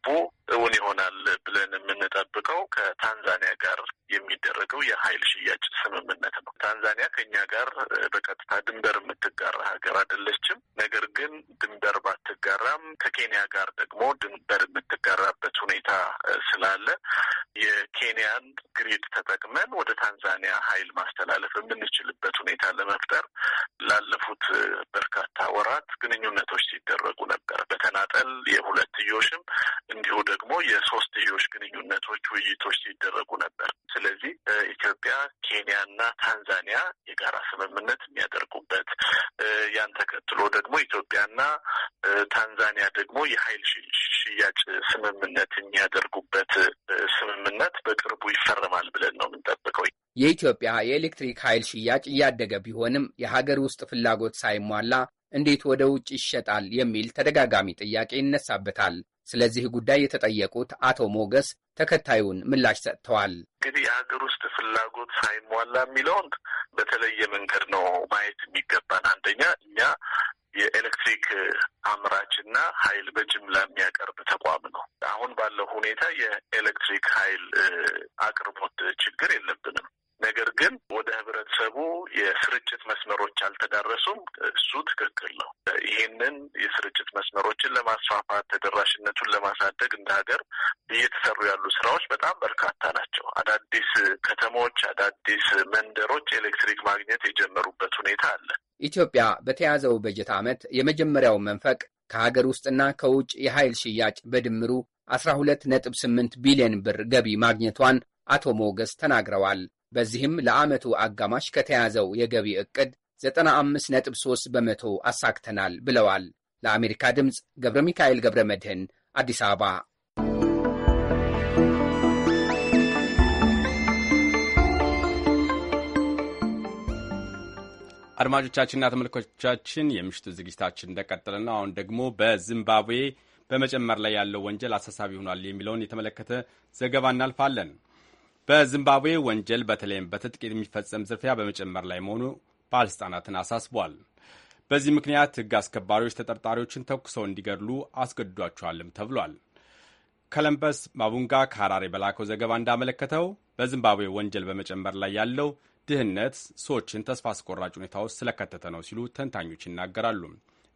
ከገቡ እውን ይሆናል ብለን የምንጠብቀው ከታንዛኒያ ጋር የሚደረገው የኃይል ሽያጭ ስምምነት ነው። ታንዛኒያ ከኛ ጋር በቀጥታ ድንበር የምትጋራ ሀገር አይደለችም። ነገር ግን ድንበር ባትጋራም ከኬንያ ጋር ደግሞ ድንበር የምትጋራበት ሁኔታ ስላለ የኬንያን ግሪድ ተጠቅመን ወደ ታንዛኒያ ኃይል ማስተላለፍ የምንችልበት ሁኔታ ለመፍጠር ላለፉት በርካታ ወራት ግንኙነቶች ሲደረጉ ነበር። በተናጠል የሁለትዮሽም እንዲሁ ደግሞ የሶስትዮሽ ግንኙነቶች ውይይቶች ሲደረጉ ነበር። ስለዚህ ኢትዮጵያ፣ ኬንያ እና ታንዛኒያ የጋራ ስምምነት የሚያደርጉበት ያን ተከትሎ ደግሞ ኢትዮጵያና ታንዛኒያ ደግሞ የኃይል ሽያጭ ስምምነት የሚያደርጉበት ስምምነት በቅርቡ ይፈረማል ብለን ነው የምንጠብቀው። የኢትዮጵያ የኤሌክትሪክ ኃይል ሽያጭ እያደገ ቢሆንም የሀገር ውስጥ ፍላጎት ሳይሟላ እንዴት ወደ ውጭ ይሸጣል የሚል ተደጋጋሚ ጥያቄ ይነሳበታል። ስለዚህ ጉዳይ የተጠየቁት አቶ ሞገስ ተከታዩን ምላሽ ሰጥተዋል። እንግዲህ የሀገር ውስጥ ፍላጎት ሳይሟላ የሚለውን በተለየ መንገድ ነው ማየት የሚገባን። አንደኛ እኛ የኤሌክትሪክ አምራች እና ኃይል በጅምላ የሚያቀርብ ተቋም ነው። አሁን ባለው ሁኔታ የኤሌክትሪክ ኃይል አቅርቦት ችግር የለብንም። ነገር ግን ወደ ህብረተሰቡ የስርጭት መስመሮች አልተዳረሱም። እሱ ትክክል ነው። ይህንን የስርጭት መስመሮችን ለማስፋፋት ተደራሽነቱን ለማሳደግ እንደ ሀገር እየተሰሩ ያሉ ስራዎች በጣም በርካታ ናቸው። አዳዲስ ከተሞች፣ አዳዲስ መንደሮች ኤሌክትሪክ ማግኘት የጀመሩበት ሁኔታ አለ። ኢትዮጵያ በተያዘው በጀት ዓመት የመጀመሪያው መንፈቅ ከሀገር ውስጥና ከውጭ የኃይል ሽያጭ በድምሩ 12.8 ቢሊዮን ብር ገቢ ማግኘቷን አቶ ሞገስ ተናግረዋል። በዚህም ለዓመቱ አጋማሽ ከተያዘው የገቢ ዕቅድ 95.3 በመቶ አሳክተናል ብለዋል። ለአሜሪካ ድምፅ ገብረ ሚካኤል ገብረ መድህን አዲስ አበባ። አድማጮቻችንና ተመልካቾቻችን የምሽቱ ዝግጅታችን እንደቀጠለ ነው። አሁን ደግሞ በዚምባብዌ በመጨመር ላይ ያለው ወንጀል አሳሳቢ ሆኗል የሚለውን የተመለከተ ዘገባ እናልፋለን። በዚምባብዌ ወንጀል በተለይም በትጥቅ የሚፈጸም ዝርፊያ በመጨመር ላይ መሆኑ ባለሥልጣናትን አሳስቧል። በዚህ ምክንያት ሕግ አስከባሪዎች ተጠርጣሪዎችን ተኩሰው እንዲገድሉ አስገድዷቸዋልም ተብሏል። ከለምበስ ማቡንጋ ከሐራሬ በላከው ዘገባ እንዳመለከተው በዚምባብዌ ወንጀል በመጨመር ላይ ያለው ድህነት ሰዎችን ተስፋ አስቆራጭ ሁኔታ ውስጥ ስለከተተ ነው ሲሉ ተንታኞች ይናገራሉ።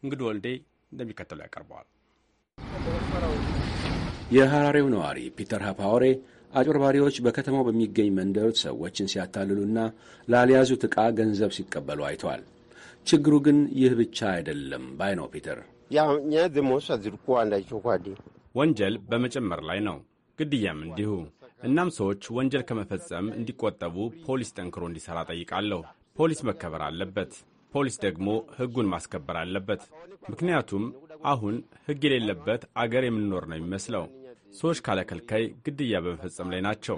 እንግዲ ወልዴ እንደሚከተለው ያቀርበዋል። የሐራሬው ነዋሪ ፒተር ሃፓወሬ አጭበርባሪዎች በከተማው በሚገኝ መንደሮች ሰዎችን ሲያታልሉና ላልያዙት ዕቃ ገንዘብ ሲቀበሉ አይተዋል። ችግሩ ግን ይህ ብቻ አይደለም ባይ ነው ፒተር። ወንጀል በመጨመር ላይ ነው፣ ግድያም እንዲሁ። እናም ሰዎች ወንጀል ከመፈጸም እንዲቆጠቡ ፖሊስ ጠንክሮ እንዲሠራ ጠይቃለሁ። ፖሊስ መከበር አለበት። ፖሊስ ደግሞ ሕጉን ማስከበር አለበት። ምክንያቱም አሁን ሕግ የሌለበት አገር የምንኖር ነው የሚመስለው። ሰዎች ካለከልካይ ግድያ በመፈጸም ላይ ናቸው።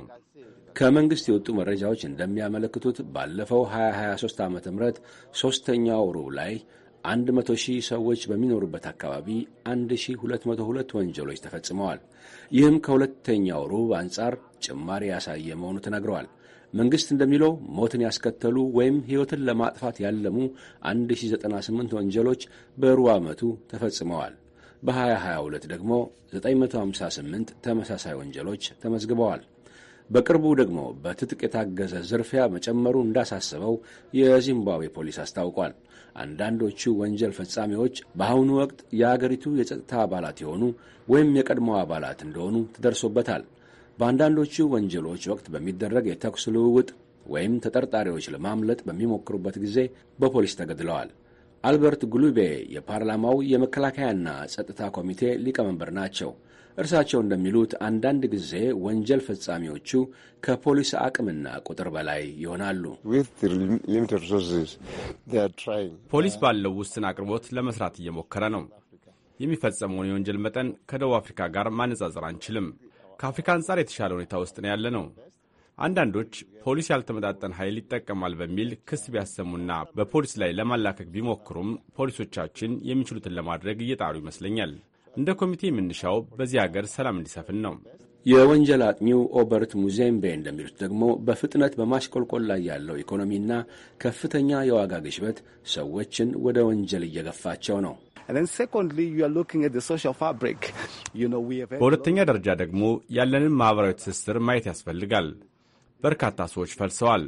ከመንግስት የወጡ መረጃዎች እንደሚያመለክቱት ባለፈው 2023 ዓ ም ሦስተኛው ሩብ ላይ 100 ሺህ ሰዎች በሚኖሩበት አካባቢ 1202 ወንጀሎች ተፈጽመዋል። ይህም ከሁለተኛው ሩብ አንጻር ጭማሪ ያሳየ መሆኑ ተነግረዋል። መንግሥት እንደሚለው ሞትን ያስከተሉ ወይም ሕይወትን ለማጥፋት ያለሙ 1098 ወንጀሎች በሩብ ዓመቱ ተፈጽመዋል። በ2022 ደግሞ 958 ተመሳሳይ ወንጀሎች ተመዝግበዋል። በቅርቡ ደግሞ በትጥቅ የታገዘ ዝርፊያ መጨመሩ እንዳሳሰበው የዚምባብዌ ፖሊስ አስታውቋል። አንዳንዶቹ ወንጀል ፈጻሚዎች በአሁኑ ወቅት የአገሪቱ የጸጥታ አባላት የሆኑ ወይም የቀድሞ አባላት እንደሆኑ ተደርሶበታል። በአንዳንዶቹ ወንጀሎች ወቅት በሚደረግ የተኩስ ልውውጥ ወይም ተጠርጣሪዎች ለማምለጥ በሚሞክሩበት ጊዜ በፖሊስ ተገድለዋል። አልበርት ጉሉቤ የፓርላማው የመከላከያና ጸጥታ ኮሚቴ ሊቀመንበር ናቸው። እርሳቸው እንደሚሉት አንዳንድ ጊዜ ወንጀል ፈጻሚዎቹ ከፖሊስ አቅምና ቁጥር በላይ ይሆናሉ። ፖሊስ ባለው ውስን አቅርቦት ለመስራት እየሞከረ ነው። የሚፈጸመውን የወንጀል መጠን ከደቡብ አፍሪካ ጋር ማነጻጸር አንችልም። ከአፍሪካ አንጻር የተሻለ ሁኔታ ውስጥ ነው ያለ ነው። አንዳንዶች ፖሊስ ያልተመጣጠን ኃይል ይጠቀማል በሚል ክስ ቢያሰሙና በፖሊስ ላይ ለማላከክ ቢሞክሩም ፖሊሶቻችን የሚችሉትን ለማድረግ እየጣሩ ይመስለኛል። እንደ ኮሚቴ የምንሻው በዚህ አገር ሰላም እንዲሰፍን ነው። የወንጀል አጥኚው ኦበርት ሙዜምቤ እንደሚሉት ደግሞ በፍጥነት በማሽቆልቆል ላይ ያለው ኢኮኖሚና ከፍተኛ የዋጋ ግሽበት ሰዎችን ወደ ወንጀል እየገፋቸው ነው። በሁለተኛ ደረጃ ደግሞ ያለንን ማኅበራዊ ትስስር ማየት ያስፈልጋል። በርካታ ሰዎች ፈልሰዋል።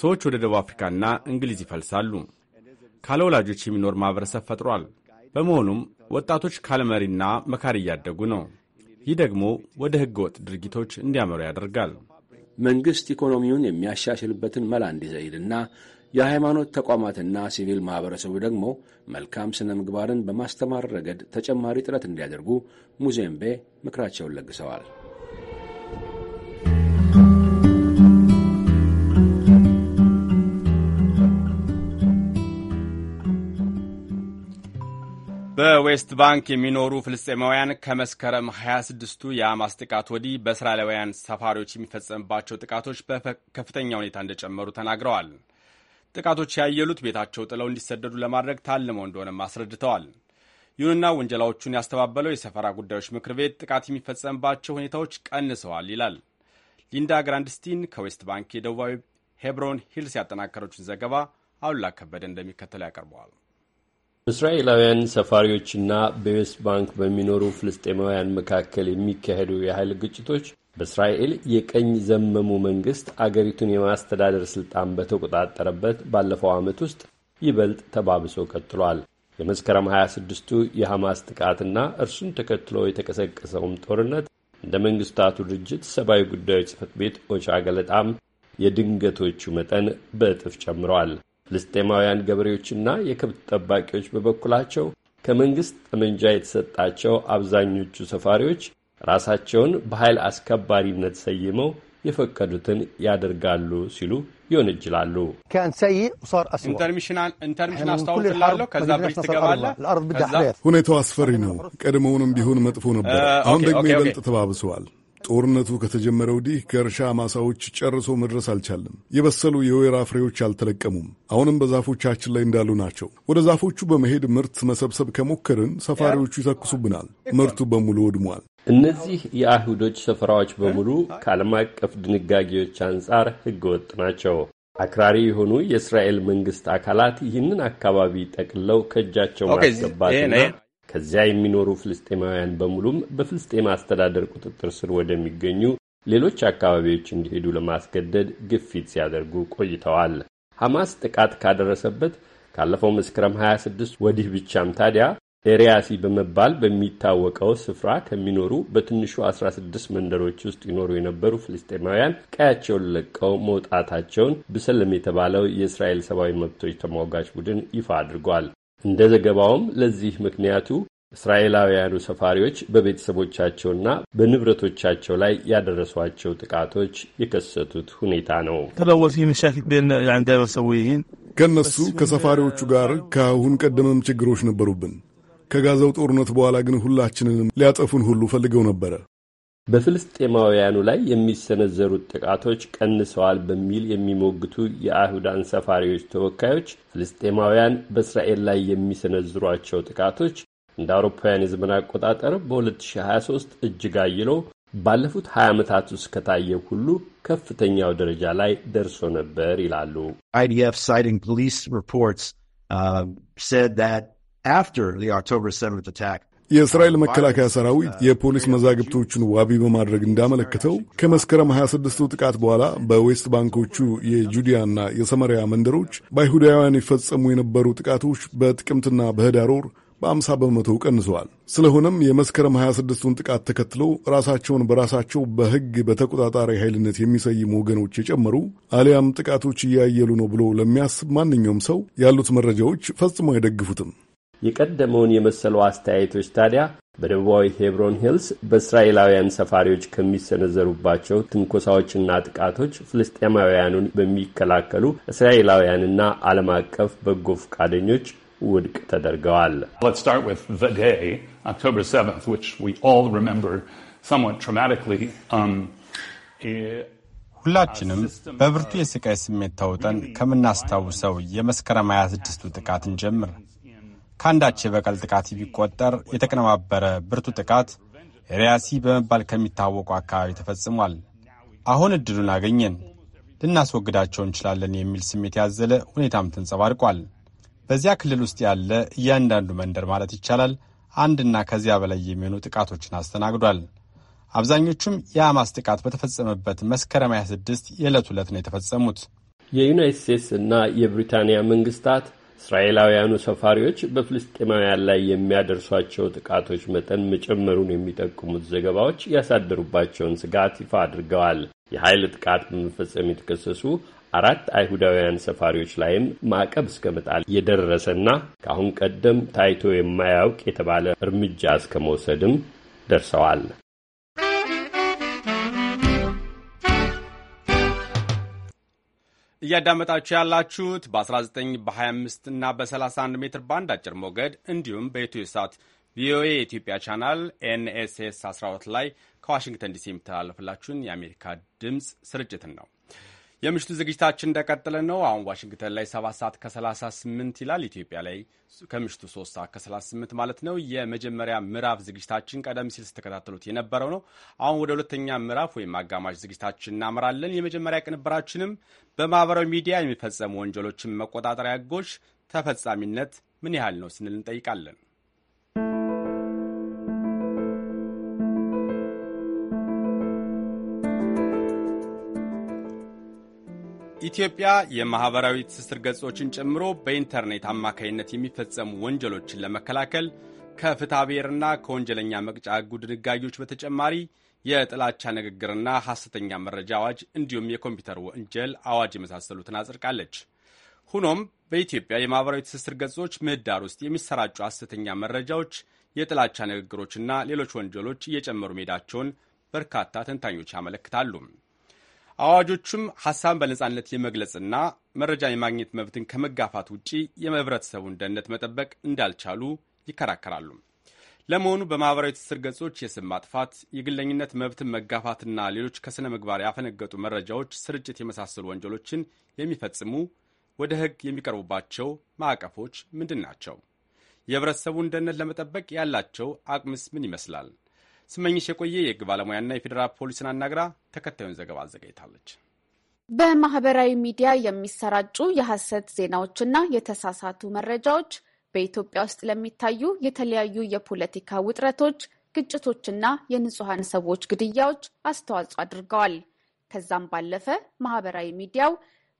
ሰዎች ወደ ደቡብ አፍሪካና እንግሊዝ ይፈልሳሉ። ካለ ወላጆች የሚኖር ማህበረሰብ ፈጥሯል። በመሆኑም ወጣቶች ካለ መሪና መካሪ እያደጉ ነው። ይህ ደግሞ ወደ ህገወጥ ወጥ ድርጊቶች እንዲያመሩ ያደርጋል። መንግሥት ኢኮኖሚውን የሚያሻሽልበትን መላ እንዲዘይድና የሃይማኖት ተቋማትና ሲቪል ማኅበረሰቡ ደግሞ መልካም ሥነ ምግባርን በማስተማር ረገድ ተጨማሪ ጥረት እንዲያደርጉ ሙዜምቤ ምክራቸውን ለግሰዋል። በዌስት ባንክ የሚኖሩ ፍልስጤማውያን ከመስከረም 26ቱ የሐማስ ጥቃት ወዲህ በእስራኤላውያን ሰፋሪዎች የሚፈጸምባቸው ጥቃቶች በከፍተኛ ሁኔታ እንደጨመሩ ተናግረዋል። ጥቃቶች ያየሉት ቤታቸው ጥለው እንዲሰደዱ ለማድረግ ታልመው እንደሆነም አስረድተዋል። ይሁንና ውንጀላዎቹን ያስተባበለው የሰፈራ ጉዳዮች ምክር ቤት ጥቃት የሚፈጸምባቸው ሁኔታዎች ቀንሰዋል ይላል። ሊንዳ ግራንድስቲን ከዌስት ባንክ የደቡባዊ ሄብሮን ሂልስ ያጠናከረችን ዘገባ አሉላ ከበደ እንደሚከተለው ያቀርበዋል። እስራኤላውያን ሰፋሪዎችና በዌስት ባንክ በሚኖሩ ፍልስጤማውያን መካከል የሚካሄዱ የኃይል ግጭቶች በእስራኤል የቀኝ ዘመሙ መንግስት አገሪቱን የማስተዳደር ስልጣን በተቆጣጠረበት ባለፈው ዓመት ውስጥ ይበልጥ ተባብሶ ቀጥሏል። የመስከረም 26ቱ የሐማስ ጥቃትና እርሱን ተከትሎ የተቀሰቀሰውም ጦርነት እንደ መንግስታቱ ድርጅት ሰብአዊ ጉዳዮች ጽህፈት ቤት ኦቻ ገለጣም የድንገቶቹ መጠን በእጥፍ ጨምረዋል። ፍልስጤማውያን ገበሬዎችና የከብት ጠባቂዎች በበኩላቸው ከመንግሥት ጠመንጃ የተሰጣቸው አብዛኞቹ ሰፋሪዎች ራሳቸውን በኃይል አስከባሪነት ሰይመው የፈቀዱትን ያደርጋሉ ሲሉ ይወነጅላሉ። ሁኔታው አስፈሪ ነው። ቀድሞውንም ቢሆን መጥፎ ነበር። አሁን ደግሞ ይበልጥ ተባብሰዋል። ጦርነቱ ከተጀመረ ወዲህ ከእርሻ ማሳዎች ጨርሶ መድረስ አልቻለም። የበሰሉ የወይራ ፍሬዎች አልተለቀሙም። አሁንም በዛፎቻችን ላይ እንዳሉ ናቸው። ወደ ዛፎቹ በመሄድ ምርት መሰብሰብ ከሞከርን ሰፋሪዎቹ ይተኩሱብናል። ምርቱ በሙሉ ወድሟል። እነዚህ የአይሁዶች ሰፈራዎች በሙሉ ከዓለም አቀፍ ድንጋጌዎች አንጻር ወጥ ናቸው። አክራሪ የሆኑ የእስራኤል መንግስት አካላት ይህንን አካባቢ ጠቅለው ከእጃቸው ማስገባትና ከዚያ የሚኖሩ ፍልስጤማውያን በሙሉም በፍልስጤም አስተዳደር ቁጥጥር ስር ወደሚገኙ ሌሎች አካባቢዎች እንዲሄዱ ለማስገደድ ግፊት ሲያደርጉ ቆይተዋል። ሐማስ ጥቃት ካደረሰበት ካለፈው መስከረም 26 ወዲህ ብቻም ታዲያ ኤሪያሲ በመባል በሚታወቀው ስፍራ ከሚኖሩ በትንሹ 16 መንደሮች ውስጥ ይኖሩ የነበሩ ፍልስጤማውያን ቀያቸውን ለቀው መውጣታቸውን ብሰለም የተባለው የእስራኤል ሰብአዊ መብቶች ተሟጋች ቡድን ይፋ አድርጓል። እንደ ዘገባውም ለዚህ ምክንያቱ እስራኤላውያኑ ሰፋሪዎች በቤተሰቦቻቸውና በንብረቶቻቸው ላይ ያደረሷቸው ጥቃቶች የከሰቱት ሁኔታ ነው። ከእነሱ ከሰፋሪዎቹ ጋር ከአሁን ቀደምም ችግሮች ነበሩብን። ከጋዛው ጦርነት በኋላ ግን ሁላችንንም ሊያጠፉን ሁሉ ፈልገው ነበረ። በፍልስጤማውያኑ ላይ የሚሰነዘሩት ጥቃቶች ቀንሰዋል በሚል የሚሞግቱ የአይሁዳን ሰፋሪዎች ተወካዮች ፍልስጤማውያን በእስራኤል ላይ የሚሰነዝሯቸው ጥቃቶች እንደ አውሮፓውያን የዘመን አቆጣጠር በ2023 እጅግ አይሎ ባለፉት 20 ዓመታት ውስጥ ከታየው ሁሉ ከፍተኛው ደረጃ ላይ ደርሶ ነበር ይላሉ። IDF citing police reports uh, said that after the October 7th attack የእስራኤል መከላከያ ሰራዊት የፖሊስ መዛግብቶቹን ዋቢ በማድረግ እንዳመለከተው ከመስከረም 26ቱ ጥቃት በኋላ በዌስት ባንኮቹ የጁዲያና የሰመሪያ መንደሮች በአይሁዳውያን ይፈጸሙ የነበሩ ጥቃቶች በጥቅምትና በህዳር ወር በአምሳ በመቶ ቀንሰዋል። ስለሆነም የመስከረም 26ቱን ጥቃት ተከትሎ ራሳቸውን በራሳቸው በህግ በተቆጣጣሪ ኃይልነት የሚሰይሙ ወገኖች የጨመሩ አሊያም ጥቃቶች እያየሉ ነው ብሎ ለሚያስብ ማንኛውም ሰው ያሉት መረጃዎች ፈጽሞ አይደግፉትም። የቀደመውን የመሰሉ አስተያየቶች ታዲያ በደቡባዊ ሄብሮን ሂልስ በእስራኤላውያን ሰፋሪዎች ከሚሰነዘሩባቸው ትንኮሳዎችና ጥቃቶች ፍልስጤማውያኑን በሚከላከሉ እስራኤላውያንና ዓለም አቀፍ በጎ ፈቃደኞች ውድቅ ተደርገዋል። um, eh, ሁላችንም በብርቱ የስቃይ ስሜት ተውጠን ከምናስታውሰው የመስከረም 26ቱ ጥቃትን ጀምር ከአንዳች የበቀል ጥቃት ቢቆጠር የተቀነባበረ ብርቱ ጥቃት ሪያሲ በመባል ከሚታወቁ አካባቢ ተፈጽሟል። አሁን እድሉን አገኘን፣ ልናስወግዳቸው እንችላለን የሚል ስሜት ያዘለ ሁኔታም ተንጸባርቋል። በዚያ ክልል ውስጥ ያለ እያንዳንዱ መንደር ማለት ይቻላል አንድና ከዚያ በላይ የሚሆኑ ጥቃቶችን አስተናግዷል። አብዛኞቹም የሐማስ ጥቃት በተፈጸመበት መስከረም 26 የዕለት ዕለት ነው የተፈጸሙት። የዩናይት ስቴትስ እና የብሪታንያ መንግስታት እስራኤላውያኑ ሰፋሪዎች በፍልስጤማውያን ላይ የሚያደርሷቸው ጥቃቶች መጠን መጨመሩን የሚጠቁሙት ዘገባዎች ያሳደሩባቸውን ስጋት ይፋ አድርገዋል። የኃይል ጥቃት በመፈጸም የተከሰሱ አራት አይሁዳውያን ሰፋሪዎች ላይም ማዕቀብ እስከ መጣል የደረሰና ከአሁን ቀደም ታይቶ የማያውቅ የተባለ እርምጃ እስከ መውሰድም ደርሰዋል። እያዳመጣችሁ ያላችሁት በ19 በ25 እና በ31 ሜትር ባንድ አጭር ሞገድ እንዲሁም በኢትዮ ሳት ቪኦኤ የኢትዮጵያ ቻናል ኤንኤስኤስ 12 ላይ ከዋሽንግተን ዲሲ የሚተላለፍላችሁን የአሜሪካ ድምፅ ስርጭትን ነው። የምሽቱ ዝግጅታችን እንደቀጠለ ነው። አሁን ዋሽንግተን ላይ 7 ሰዓት ከ38 ይላል። ኢትዮጵያ ላይ ከምሽቱ 3 ሰዓት ከ38 ማለት ነው። የመጀመሪያ ምዕራፍ ዝግጅታችን ቀደም ሲል ስተከታተሉት የነበረው ነው። አሁን ወደ ሁለተኛ ምዕራፍ ወይም አጋማሽ ዝግጅታችን እናምራለን። የመጀመሪያ ቅንብራችንም በማህበራዊ ሚዲያ የሚፈጸሙ ወንጀሎችን መቆጣጠሪያ ህጎች ተፈጻሚነት ምን ያህል ነው ስንል እንጠይቃለን። ኢትዮጵያ የማኅበራዊ ትስስር ገጾችን ጨምሮ በኢንተርኔት አማካይነት የሚፈጸሙ ወንጀሎችን ለመከላከል ከፍትሐ ብሔርና ከወንጀለኛ መቅጫ ሕጉ ድንጋጌዎች በተጨማሪ የጥላቻ ንግግርና ሐሰተኛ መረጃ አዋጅ እንዲሁም የኮምፒውተር ወንጀል አዋጅ የመሳሰሉትን አጽድቃለች። ሆኖም በኢትዮጵያ የማኅበራዊ ትስስር ገጾች ምህዳር ውስጥ የሚሰራጩ ሐሰተኛ መረጃዎች፣ የጥላቻ ንግግሮችና ሌሎች ወንጀሎች እየጨመሩ መሄዳቸውን በርካታ ተንታኞች ያመለክታሉ። አዋጆቹም ሀሳብን በነጻነት የመግለጽና መረጃ የማግኘት መብትን ከመጋፋት ውጪ የህብረተሰቡን ደህንነት መጠበቅ እንዳልቻሉ ይከራከራሉ። ለመሆኑ በማኅበራዊ ትስስር ገጾች የስም ማጥፋት፣ የግለኝነት መብትን መጋፋትና ሌሎች ከሥነ ምግባር ያፈነገጡ መረጃዎች ስርጭት የመሳሰሉ ወንጀሎችን የሚፈጽሙ ወደ ሕግ የሚቀርቡባቸው ማዕቀፎች ምንድን ናቸው? የህብረተሰቡን ደህንነት ለመጠበቅ ያላቸው አቅምስ ምን ይመስላል? ስመኝሽ የቆየ የህግ ባለሙያና የፌዴራል ፖሊስን አናግራ ተከታዩን ዘገባ አዘጋጅታለች። በማህበራዊ ሚዲያ የሚሰራጩ የሐሰት ዜናዎችና የተሳሳቱ መረጃዎች በኢትዮጵያ ውስጥ ለሚታዩ የተለያዩ የፖለቲካ ውጥረቶች፣ ግጭቶችና የንጹሐን ሰዎች ግድያዎች አስተዋጽኦ አድርገዋል። ከዛም ባለፈ ማህበራዊ ሚዲያው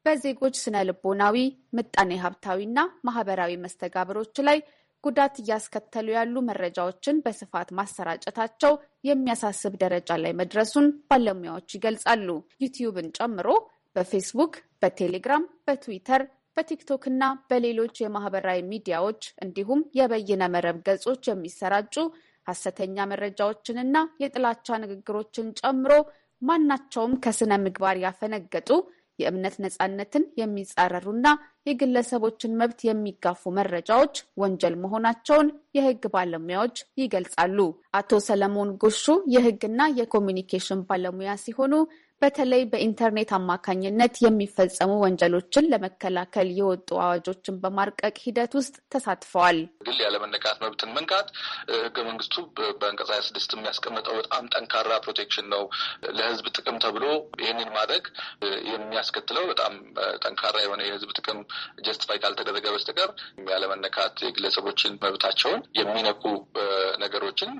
በዜጎች ስነ ልቦናዊ፣ ምጣኔ ሀብታዊና ማህበራዊ መስተጋብሮች ላይ ጉዳት እያስከተሉ ያሉ መረጃዎችን በስፋት ማሰራጨታቸው የሚያሳስብ ደረጃ ላይ መድረሱን ባለሙያዎች ይገልጻሉ። ዩቲዩብን ጨምሮ በፌስቡክ፣ በቴሌግራም፣ በትዊተር በቲክቶክ እና በሌሎች የማህበራዊ ሚዲያዎች እንዲሁም የበይነ መረብ ገጾች የሚሰራጩ ሀሰተኛ መረጃዎችንና የጥላቻ ንግግሮችን ጨምሮ ማናቸውም ከስነ ምግባር ያፈነገጡ የእምነት ነጻነትን የሚጻረሩና የግለሰቦችን መብት የሚጋፉ መረጃዎች ወንጀል መሆናቸውን የህግ ባለሙያዎች ይገልጻሉ። አቶ ሰለሞን ጎሹ የህግና የኮሚኒኬሽን ባለሙያ ሲሆኑ በተለይ በኢንተርኔት አማካኝነት የሚፈጸሙ ወንጀሎችን ለመከላከል የወጡ አዋጆችን በማርቀቅ ሂደት ውስጥ ተሳትፈዋል። ግል ያለመነካት መብትን መንካት ህገ መንግስቱ በአንቀጽ ሀያ ስድስት የሚያስቀምጠው በጣም ጠንካራ ፕሮቴክሽን ነው። ለህዝብ ጥቅም ተብሎ ይህንን ማድረግ የሚያስከትለው በጣም ጠንካራ የሆነ የህዝብ ጥቅም ጀስቲፋይ ካልተደረገ በስተቀር ያለመነካት የግለሰቦችን መብታቸውን የሚነኩ ነገሮችን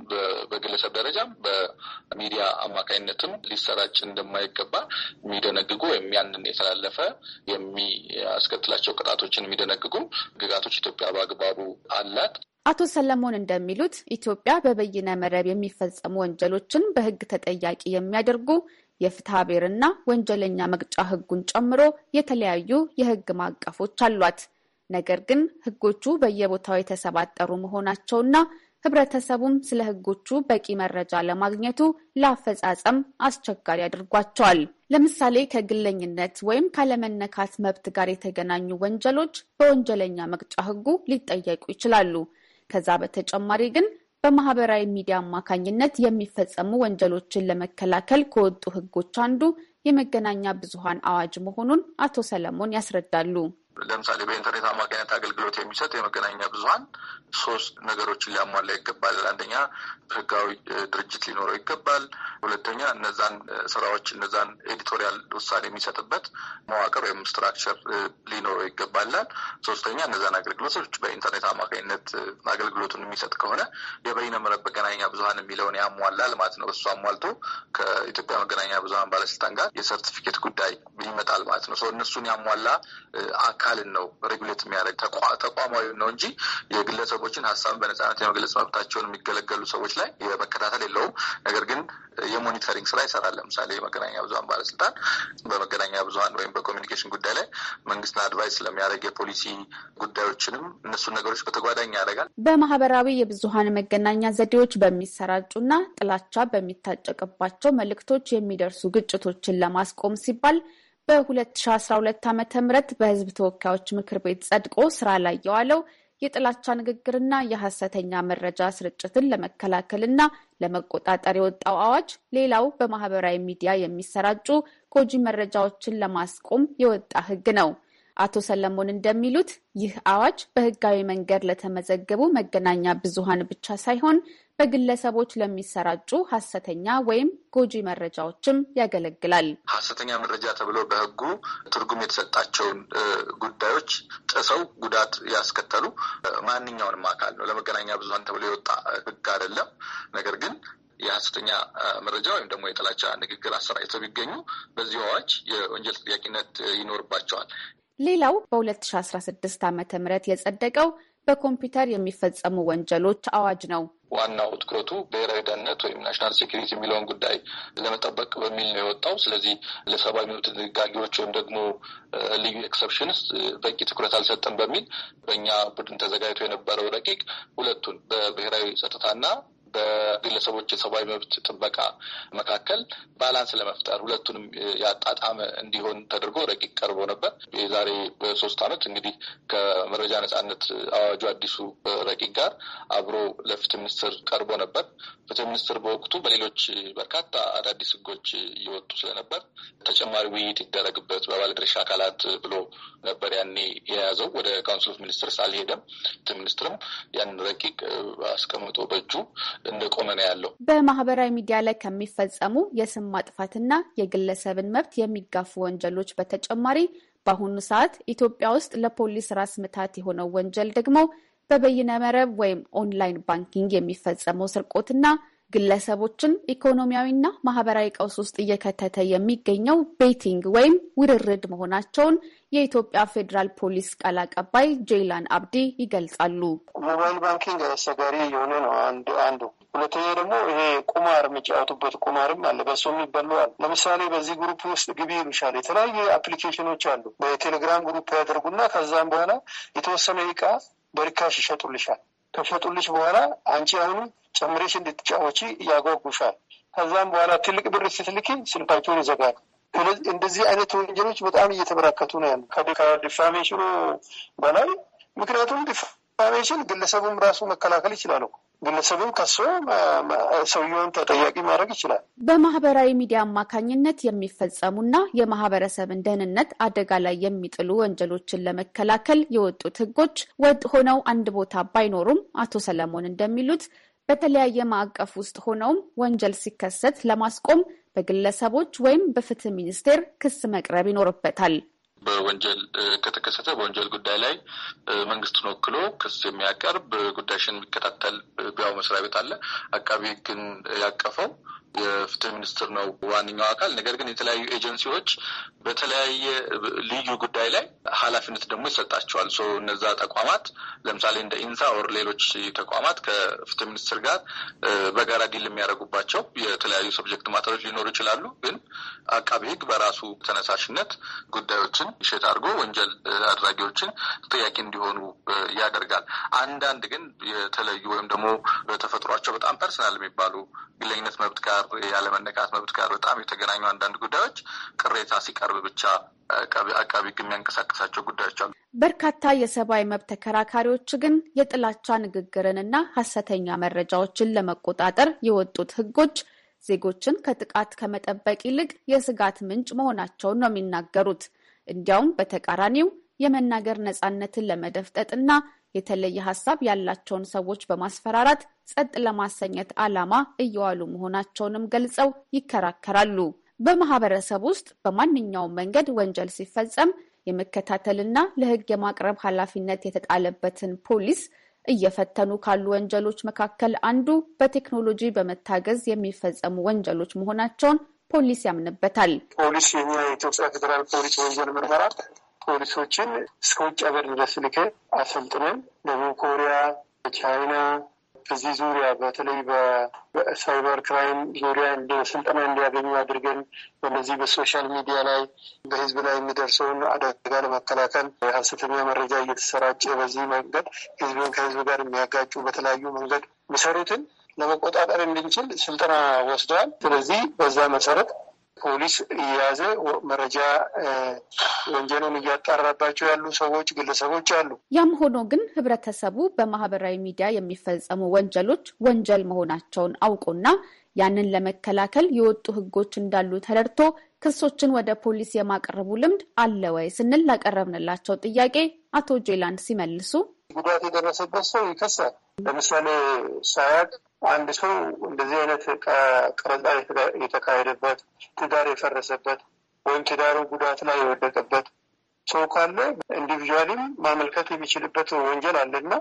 በግለሰብ ደረጃም በሚዲያ አማካኝነትም ሊሰራጭ እንደማይ በሚገባ የሚደነግጉ ወይም ያንን የተላለፈ የሚያስከትላቸው ቅጣቶችን የሚደነግጉ ግጋቶች ኢትዮጵያ በአግባቡ አላት። አቶ ሰለሞን እንደሚሉት ኢትዮጵያ በበይነ መረብ የሚፈጸሙ ወንጀሎችን በሕግ ተጠያቂ የሚያደርጉ የፍትሐ ብሔርና ወንጀለኛ መቅጫ ሕጉን ጨምሮ የተለያዩ የሕግ ማዕቀፎች አሏት። ነገር ግን ሕጎቹ በየቦታው የተሰባጠሩ መሆናቸውና ህብረተሰቡም ስለ ህጎቹ በቂ መረጃ ለማግኘቱ ለአፈጻጸም አስቸጋሪ አድርጓቸዋል። ለምሳሌ ከግለኝነት ወይም ካለመነካት መብት ጋር የተገናኙ ወንጀሎች በወንጀለኛ መቅጫ ህጉ ሊጠየቁ ይችላሉ። ከዛ በተጨማሪ ግን በማህበራዊ ሚዲያ አማካኝነት የሚፈጸሙ ወንጀሎችን ለመከላከል ከወጡ ህጎች አንዱ የመገናኛ ብዙሃን አዋጅ መሆኑን አቶ ሰለሞን ያስረዳሉ። ለምሳሌ በኢንተርኔት አማካኝነት አገልግሎት የሚሰጥ የመገናኛ ብዙኃን ሶስት ነገሮችን ሊያሟላ ይገባል። አንደኛ ህጋዊ ድርጅት ሊኖረው ይገባል። ሁለተኛ እነዛን ስራዎች እነዛን ኤዲቶሪያል ውሳኔ የሚሰጥበት መዋቅር ወይም ስትራክቸር ሊኖረው ይገባላል። ሶስተኛ እነዛን አገልግሎቶች በኢንተርኔት አማካኝነት አገልግሎቱን የሚሰጥ ከሆነ የበይነ መረብ መገናኛ ብዙኃን የሚለውን ያሟላል ማለት ነው። እሱ አሟልቶ ከኢትዮጵያ መገናኛ ብዙኃን ባለስልጣን ጋር የሰርቲፊኬት ጉዳይ ይመጣል ማለት ነው። እነሱን ያሟላ አካል ባህልን ነው ሬጉሌት የሚያደርግ ተቋማዊ ነው እንጂ የግለሰቦችን ሀሳብን በነጻነት የመግለጽ መብታቸውን የሚገለገሉ ሰዎች ላይ የመከታተል የለውም። ነገር ግን የሞኒተሪንግ ስራ ይሰራል። ለምሳሌ የመገናኛ ብዙሀን ባለስልጣን በመገናኛ ብዙሀን ወይም በኮሚኒኬሽን ጉዳይ ላይ መንግስትን አድቫይስ ስለሚያደርግ የፖሊሲ ጉዳዮችንም እነሱን ነገሮች በተጓዳኝ ያደርጋል። በማህበራዊ የብዙሀን መገናኛ ዘዴዎች በሚሰራጩና ጥላቻ በሚታጨቅባቸው መልእክቶች የሚደርሱ ግጭቶችን ለማስቆም ሲባል በ2012 ዓ ም በህዝብ ተወካዮች ምክር ቤት ጸድቆ ስራ ላይ የዋለው የጥላቻ ንግግርና የሐሰተኛ መረጃ ስርጭትን ለመከላከልና ለመቆጣጠር የወጣው አዋጅ ሌላው በማህበራዊ ሚዲያ የሚሰራጩ ጎጂ መረጃዎችን ለማስቆም የወጣ ህግ ነው። አቶ ሰለሞን እንደሚሉት ይህ አዋጅ በህጋዊ መንገድ ለተመዘገቡ መገናኛ ብዙሃን ብቻ ሳይሆን በግለሰቦች ለሚሰራጩ ሀሰተኛ ወይም ጎጂ መረጃዎችም ያገለግላል። ሀሰተኛ መረጃ ተብሎ በሕጉ ትርጉም የተሰጣቸውን ጉዳዮች ጥሰው ጉዳት ያስከተሉ ማንኛውንም አካል ነው። ለመገናኛ ብዙኃን ተብሎ የወጣ ሕግ አይደለም። ነገር ግን የሀሰተኛ መረጃ ወይም ደግሞ የጥላቻ ንግግር አሰራጭተው ቢገኙ በዚህ አዋጅ የወንጀል ተጠያቂነት ይኖርባቸዋል። ሌላው በ2016 ዓ ም የጸደቀው በኮምፒውተር የሚፈጸሙ ወንጀሎች አዋጅ ነው። ዋናው ትኩረቱ ብሔራዊ ደህንነት ወይም ናሽናል ሴኪሪቲ የሚለውን ጉዳይ ለመጠበቅ በሚል ነው የወጣው። ስለዚህ ለሰብአዊ መብት ድንጋጌዎች ወይም ደግሞ ልዩ ኤክሰፕሽንስ በቂ ትኩረት አልሰጠም በሚል በእኛ ቡድን ተዘጋጅቶ የነበረው ረቂቅ ሁለቱን በብሔራዊ ጸጥታና በግለሰቦች የሰብአዊ መብት ጥበቃ መካከል ባላንስ ለመፍጠር ሁለቱንም ያጣጣመ እንዲሆን ተደርጎ ረቂቅ ቀርቦ ነበር። የዛሬ ሶስት ዓመት እንግዲህ ከመረጃ ነጻነት አዋጁ አዲሱ ረቂቅ ጋር አብሮ ለፍትህ ሚኒስትር ቀርቦ ነበር። ፍትህ ሚኒስትር በወቅቱ በሌሎች በርካታ አዳዲስ ህጎች እየወጡ ስለነበር ተጨማሪ ውይይት ይደረግበት በባለድርሻ አካላት ብሎ ነበር ያኔ የያዘው። ወደ ካውንስል ኦፍ ሚኒስትርስ አልሄደም። ፍትህ ሚኒስትርም ያንን ረቂቅ አስቀምጦ በእጁ እንደቆመ ነው ያለው። በማህበራዊ ሚዲያ ላይ ከሚፈጸሙ የስም ማጥፋትና የግለሰብን መብት የሚጋፉ ወንጀሎች በተጨማሪ በአሁኑ ሰዓት ኢትዮጵያ ውስጥ ለፖሊስ ራስ ምታት የሆነው ወንጀል ደግሞ በበይነ መረብ ወይም ኦንላይን ባንኪንግ የሚፈጸመው ስርቆትና ግለሰቦችን ኢኮኖሚያዊና ማህበራዊ ቀውስ ውስጥ እየከተተ የሚገኘው ቤቲንግ ወይም ውርርድ መሆናቸውን የኢትዮጵያ ፌዴራል ፖሊስ ቃል አቀባይ ጄይላን አብዲ ይገልጻሉ። ሞባይል ባንኪንግ አሰጋሪ የሆነ ነው አንዱ አንዱ። ሁለተኛ ደግሞ ይሄ ቁማር የሚጫወቱበት ቁማርም አለ፣ በሱ የሚበሉ ለምሳሌ በዚህ ግሩፕ ውስጥ ግቢ ይሉሻል። የተለያየ አፕሊኬሽኖች አሉ። በቴሌግራም ግሩፕ ያደርጉና ከዛም በኋላ የተወሰነ እቃ በርካሽ ይሸጡልሻል። ከሸጡልሽ በኋላ አንቺ አሁን ጨምሬሽ እንድትጫወቺ ያጓጉሻል። ከዛም በኋላ ትልቅ ብር ስትልኪ ስልካቸውን ይዘጋል። እንደዚህ አይነት ወንጀሎች በጣም እየተበራከቱ ነው ያሉ ከዲፋሜሽኑ በላይ ምክንያቱም ዲፋሜሽን ግለሰቡም ራሱ መከላከል ይችላል እኮ ግለሰብም ከሶ ሰውየውን ተጠያቂ ማድረግ ይችላል። በማህበራዊ ሚዲያ አማካኝነት የሚፈጸሙና የማህበረሰብን ደህንነት አደጋ ላይ የሚጥሉ ወንጀሎችን ለመከላከል የወጡት ህጎች ወጥ ሆነው አንድ ቦታ ባይኖሩም አቶ ሰለሞን እንደሚሉት በተለያየ ማዕቀፍ ውስጥ ሆነውም ወንጀል ሲከሰት ለማስቆም በግለሰቦች ወይም በፍትህ ሚኒስቴር ክስ መቅረብ ይኖርበታል። በወንጀል ከተከሰተ በወንጀል ጉዳይ ላይ መንግስትን ወክሎ ክስ የሚያቀርብ ጉዳይሽን የሚከታተል ቢያው መስሪያ ቤት አለ። አቃቢ ህግን ያቀፈው የፍትህ ሚኒስትር ነው ዋነኛው አካል። ነገር ግን የተለያዩ ኤጀንሲዎች በተለያየ ልዩ ጉዳይ ላይ ኃላፊነት ደግሞ ይሰጣቸዋል። እነዛ ተቋማት ለምሳሌ እንደ ኢንሳ ኦር ሌሎች ተቋማት ከፍትህ ሚኒስትር ጋር በጋራ ዲል የሚያደርጉባቸው የተለያዩ ሰብጀክት ማተሮች ሊኖሩ ይችላሉ። ግን አቃቢ ህግ በራሱ ተነሳሽነት ጉዳዮችን ሼት አድርጎ ወንጀል አድራጊዎችን ተጠያቂ እንዲሆኑ ያደርጋል። አንዳንድ ግን የተለዩ ወይም ደግሞ በተፈጥሯቸው በጣም ፐርሰናል የሚባሉ ግለኝነት መብት ጋር ያለመነካት መብት ጋር በጣም የተገናኙ አንዳንድ ጉዳዮች ቅሬታ ሲቀርብ ብቻ አቃቢ ሕግ የሚያንቀሳቀሳቸው ጉዳዮች አሉ። በርካታ የሰብአዊ መብት ተከራካሪዎች ግን የጥላቻ ንግግርንና ሀሰተኛ መረጃዎችን ለመቆጣጠር የወጡት ሕጎች ዜጎችን ከጥቃት ከመጠበቅ ይልቅ የስጋት ምንጭ መሆናቸውን ነው የሚናገሩት። እንዲያውም በተቃራኒው የመናገር ነጻነትን ለመደፍጠጥና የተለየ ሀሳብ ያላቸውን ሰዎች በማስፈራራት ጸጥ ለማሰኘት ዓላማ እየዋሉ መሆናቸውንም ገልጸው ይከራከራሉ። በማህበረሰብ ውስጥ በማንኛውም መንገድ ወንጀል ሲፈጸም የመከታተልና ለሕግ የማቅረብ ኃላፊነት የተጣለበትን ፖሊስ እየፈተኑ ካሉ ወንጀሎች መካከል አንዱ በቴክኖሎጂ በመታገዝ የሚፈጸሙ ወንጀሎች መሆናቸውን ፖሊስ ያምንበታል። ፖሊስ የኢትዮጵያ ፌዴራል ፖሊስ ወንጀል ምርመራ ፖሊሶችን እስከ ውጭ ሀገር ድረስ ልከን አሰልጥነን ደቡብ ኮሪያ፣ ቻይና በዚህ ዙሪያ በተለይ በሳይበር ክራይም ዙሪያ ስልጠና እንዲያገኙ አድርገን በነዚህ በሶሻል ሚዲያ ላይ በህዝብ ላይ የሚደርሰውን አደጋ ለመከላከል የሀሰተኛ መረጃ እየተሰራጨ በዚህ መንገድ ህዝብን ከህዝብ ጋር የሚያጋጩ በተለያዩ መንገድ የሚሰሩትን ለመቆጣጠር እንድንችል ስልጠና ወስደዋል። ስለዚህ በዛ መሰረት ፖሊስ እየያዘ መረጃ ወንጀሉን እያጣራባቸው ያሉ ሰዎች፣ ግለሰቦች አሉ። ያም ሆኖ ግን ህብረተሰቡ በማህበራዊ ሚዲያ የሚፈጸሙ ወንጀሎች ወንጀል መሆናቸውን አውቆና ያንን ለመከላከል የወጡ ህጎች እንዳሉ ተረድቶ ክሶችን ወደ ፖሊስ የማቀረቡ ልምድ አለ ወይ ስንል ላቀረብንላቸው ጥያቄ አቶ ጄላንድ ሲመልሱ ጉዳት የደረሰበት ሰው ይከሳል ለምሳሌ ሳያት አንድ ሰው እንደዚህ አይነት ቀረጻ የተካሄደበት ትዳር የፈረሰበት ወይም ትዳሩ ጉዳት ላይ የወደቀበት ሰው ካለ ኢንዲቪዥዋልም ማመልከት የሚችልበት ወንጀል አለና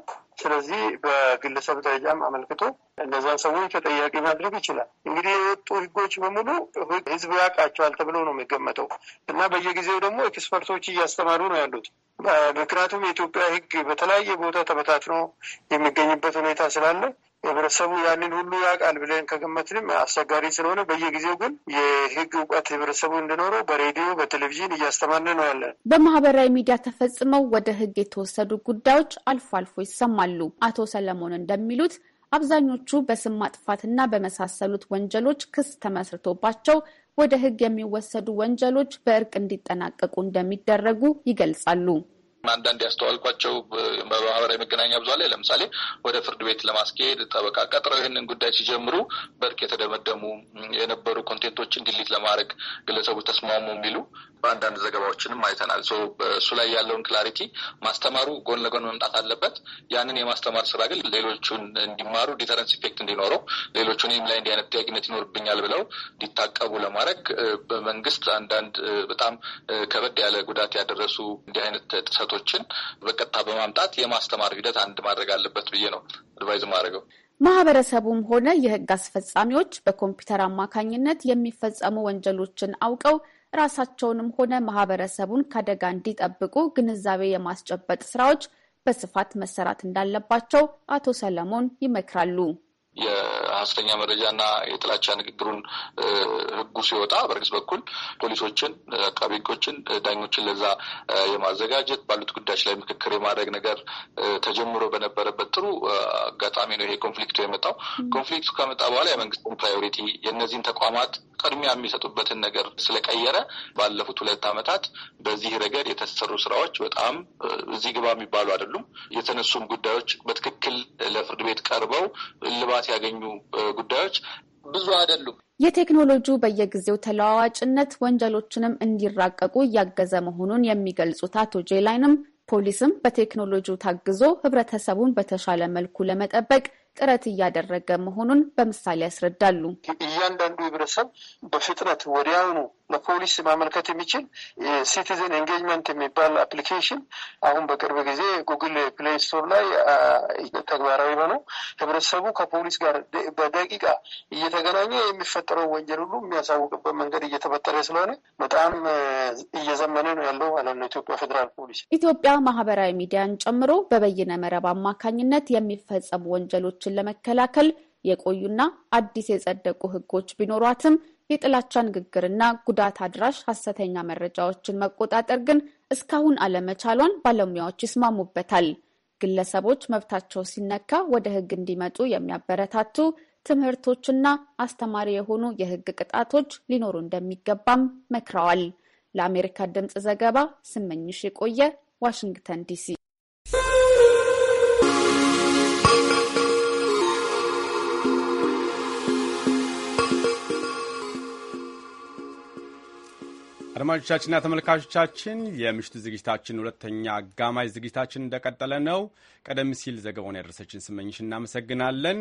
ስለዚህ በግለሰብ ደረጃም አመልክቶ እነዛን ሰዎች ተጠያቂ ማድረግ ይችላል። እንግዲህ የወጡ ህጎች በሙሉ ህዝብ ያውቃቸዋል ተብሎ ነው የሚገመጠው እና በየጊዜው ደግሞ ኤክስፐርቶች እያስተማሩ ነው ያሉት። ምክንያቱም የኢትዮጵያ ህግ በተለያየ ቦታ ተበታትኖ የሚገኝበት ሁኔታ ስላለ ህብረተሰቡ ያንን ሁሉ ያውቃል ብለን ከገመትንም አስቸጋሪ ስለሆነ በየጊዜው ግን የህግ እውቀት ህብረተሰቡ እንዲኖረው በሬዲዮ በቴሌቪዥን እያስተማርን ነው ያለን። በማህበራዊ ሚዲያ ተፈጽመው ወደ ህግ የተወሰዱ ጉዳዮች አልፎ አልፎ ይሰማሉ። አቶ ሰለሞን እንደሚሉት አብዛኞቹ በስም ማጥፋትና በመሳሰሉት ወንጀሎች ክስ ተመስርቶባቸው ወደ ህግ የሚወሰዱ ወንጀሎች በእርቅ እንዲጠናቀቁ እንደሚደረጉ ይገልጻሉ። አንዳንድ ያስተዋልኳቸው በማህበራዊ መገናኛ ብዙ ላይ ለምሳሌ ወደ ፍርድ ቤት ለማስኬድ ጠበቃ ቀጥረው ይህንን ጉዳይ ሲጀምሩ በእርቅ የተደመደሙ የነበሩ ኮንቴንቶችን ዲሊት ለማድረግ ግለሰቦች ተስማሙ የሚሉ በአንዳንድ ዘገባዎችንም አይተናል። እሱ ላይ ያለውን ክላሪቲ ማስተማሩ ጎን ለጎን መምጣት አለበት። ያንን የማስተማር ስራ ግን ሌሎቹን እንዲማሩ ዲተረንስ ኢፌክት እንዲኖረው ሌሎቹን እኔም ላይ እንዲህ አይነት ተጠያቂነት ይኖርብኛል ብለው እንዲታቀቡ ለማድረግ በመንግስት አንዳንድ በጣም ከበድ ያለ ጉዳት ያደረሱ እንዲህ አይነት ጥሰቶ እውቀቶችን በቀጥታ በማምጣት የማስተማር ሂደት አንድ ማድረግ አለበት ብዬ ነው አድቫይዝ ማድረገው። ማህበረሰቡም ሆነ የህግ አስፈጻሚዎች በኮምፒውተር አማካኝነት የሚፈጸሙ ወንጀሎችን አውቀው ራሳቸውንም ሆነ ማህበረሰቡን ከአደጋ እንዲጠብቁ ግንዛቤ የማስጨበጥ ስራዎች በስፋት መሰራት እንዳለባቸው አቶ ሰለሞን ይመክራሉ። የሀሰተኛ መረጃና የጥላቻ ንግግሩን ህጉ ሲወጣ በርግስ በኩል ፖሊሶችን፣ አቃቤ ህጎችን፣ ዳኞችን ለዛ የማዘጋጀት ባሉት ጉዳዮች ላይ ምክክር የማድረግ ነገር ተጀምሮ በነበረበት ጥሩ አጋጣሚ ነው ይሄ ኮንፍሊክቱ የመጣው። ኮንፍሊክቱ ከመጣ በኋላ የመንግስትን ፕራዮሪቲ የእነዚህን ተቋማት ቅድሚያ የሚሰጡበትን ነገር ስለቀየረ ባለፉት ሁለት ዓመታት በዚህ ረገድ የተሰሩ ስራዎች በጣም እዚህ ግባ የሚባሉ አይደሉም። የተነሱም ጉዳዮች በትክክል ለፍርድ ቤት ቀርበው ልባ እልባት ያገኙ ጉዳዮች ብዙ አይደሉም። የቴክኖሎጂው በየጊዜው ተለዋዋጭነት ወንጀሎችንም እንዲራቀቁ እያገዘ መሆኑን የሚገልጹት አቶ ጄላይንም ፖሊስም በቴክኖሎጂው ታግዞ ህብረተሰቡን በተሻለ መልኩ ለመጠበቅ ጥረት እያደረገ መሆኑን በምሳሌ ያስረዳሉ። እያንዳንዱ ህብረተሰብ በፍጥነት ወዲያውኑ ለፖሊስ ማመልከት የሚችል ሲቲዝን ኤንጌጅመንት የሚባል አፕሊኬሽን አሁን በቅርብ ጊዜ ጉግል ፕሌይ ስቶር ላይ ተግባራዊ ሆነው ህብረተሰቡ ከፖሊስ ጋር በደቂቃ እየተገናኘ የሚፈጠረው ወንጀል ሁሉ የሚያሳውቅበት መንገድ እየተፈጠረ ስለሆነ በጣም እየዘመነ ነው ያለው ማለት ነው። ኢትዮጵያ ፌዴራል ፖሊስ ኢትዮጵያ ማህበራዊ ሚዲያን ጨምሮ በበይነ መረብ አማካኝነት የሚፈጸሙ ወንጀሎች ጥቃቶችን ለመከላከል የቆዩና አዲስ የጸደቁ ህጎች ቢኖሯትም የጥላቻ ንግግርና ጉዳት አድራሽ ሀሰተኛ መረጃዎችን መቆጣጠር ግን እስካሁን አለመቻሏን ባለሙያዎች ይስማሙበታል። ግለሰቦች መብታቸው ሲነካ ወደ ህግ እንዲመጡ የሚያበረታቱ ትምህርቶችና አስተማሪ የሆኑ የህግ ቅጣቶች ሊኖሩ እንደሚገባም መክረዋል። ለአሜሪካ ድምፅ ዘገባ ስመኝሽ የቆየ ዋሽንግተን ዲሲ። አድማጮቻችንና ተመልካቾቻችን የምሽቱ ዝግጅታችን ሁለተኛ አጋማሽ ዝግጅታችን እንደቀጠለ ነው። ቀደም ሲል ዘገባውን ያደረሰችን ስመኝሽ እናመሰግናለን።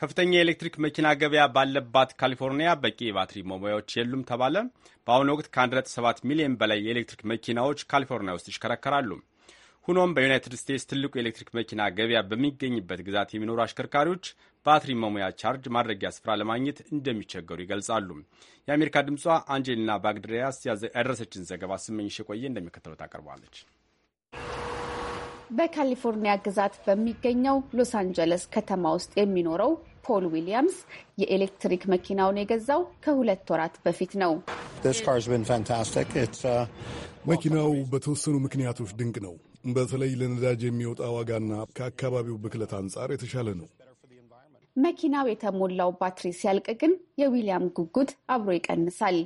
ከፍተኛ የኤሌክትሪክ መኪና ገበያ ባለባት ካሊፎርኒያ በቂ የባትሪ መሙያዎች የሉም ተባለ። በአሁኑ ወቅት ከ1.7 ሚሊዮን በላይ የኤሌክትሪክ መኪናዎች ካሊፎርኒያ ውስጥ ይሽከረከራሉ። ሆኖም በዩናይትድ ስቴትስ ትልቁ የኤሌክትሪክ መኪና ገበያ በሚገኝበት ግዛት የሚኖሩ አሽከርካሪዎች ባትሪ መሙያ ቻርጅ ማድረጊያ ስፍራ ለማግኘት እንደሚቸገሩ ይገልጻሉ። የአሜሪካ ድምጿ አንጀሊና ባግድሪያስ ያደረሰችን ዘገባ ስመኝሽ የቆየ እንደሚከተለው ታቀርባለች። በካሊፎርኒያ ግዛት በሚገኘው ሎስ አንጀለስ ከተማ ውስጥ የሚኖረው ፖል ዊሊያምስ የኤሌክትሪክ መኪናውን የገዛው ከሁለት ወራት በፊት ነው። uh, መኪናው በተወሰኑ ምክንያቶች ድንቅ ነው። በተለይ ለነዳጅ የሚወጣ ዋጋና ከአካባቢው ብክለት አንጻር የተሻለ ነው። መኪናው የተሞላው ባትሪ ሲያልቅ ግን የዊሊያም ጉጉት አብሮ ይቀንሳል።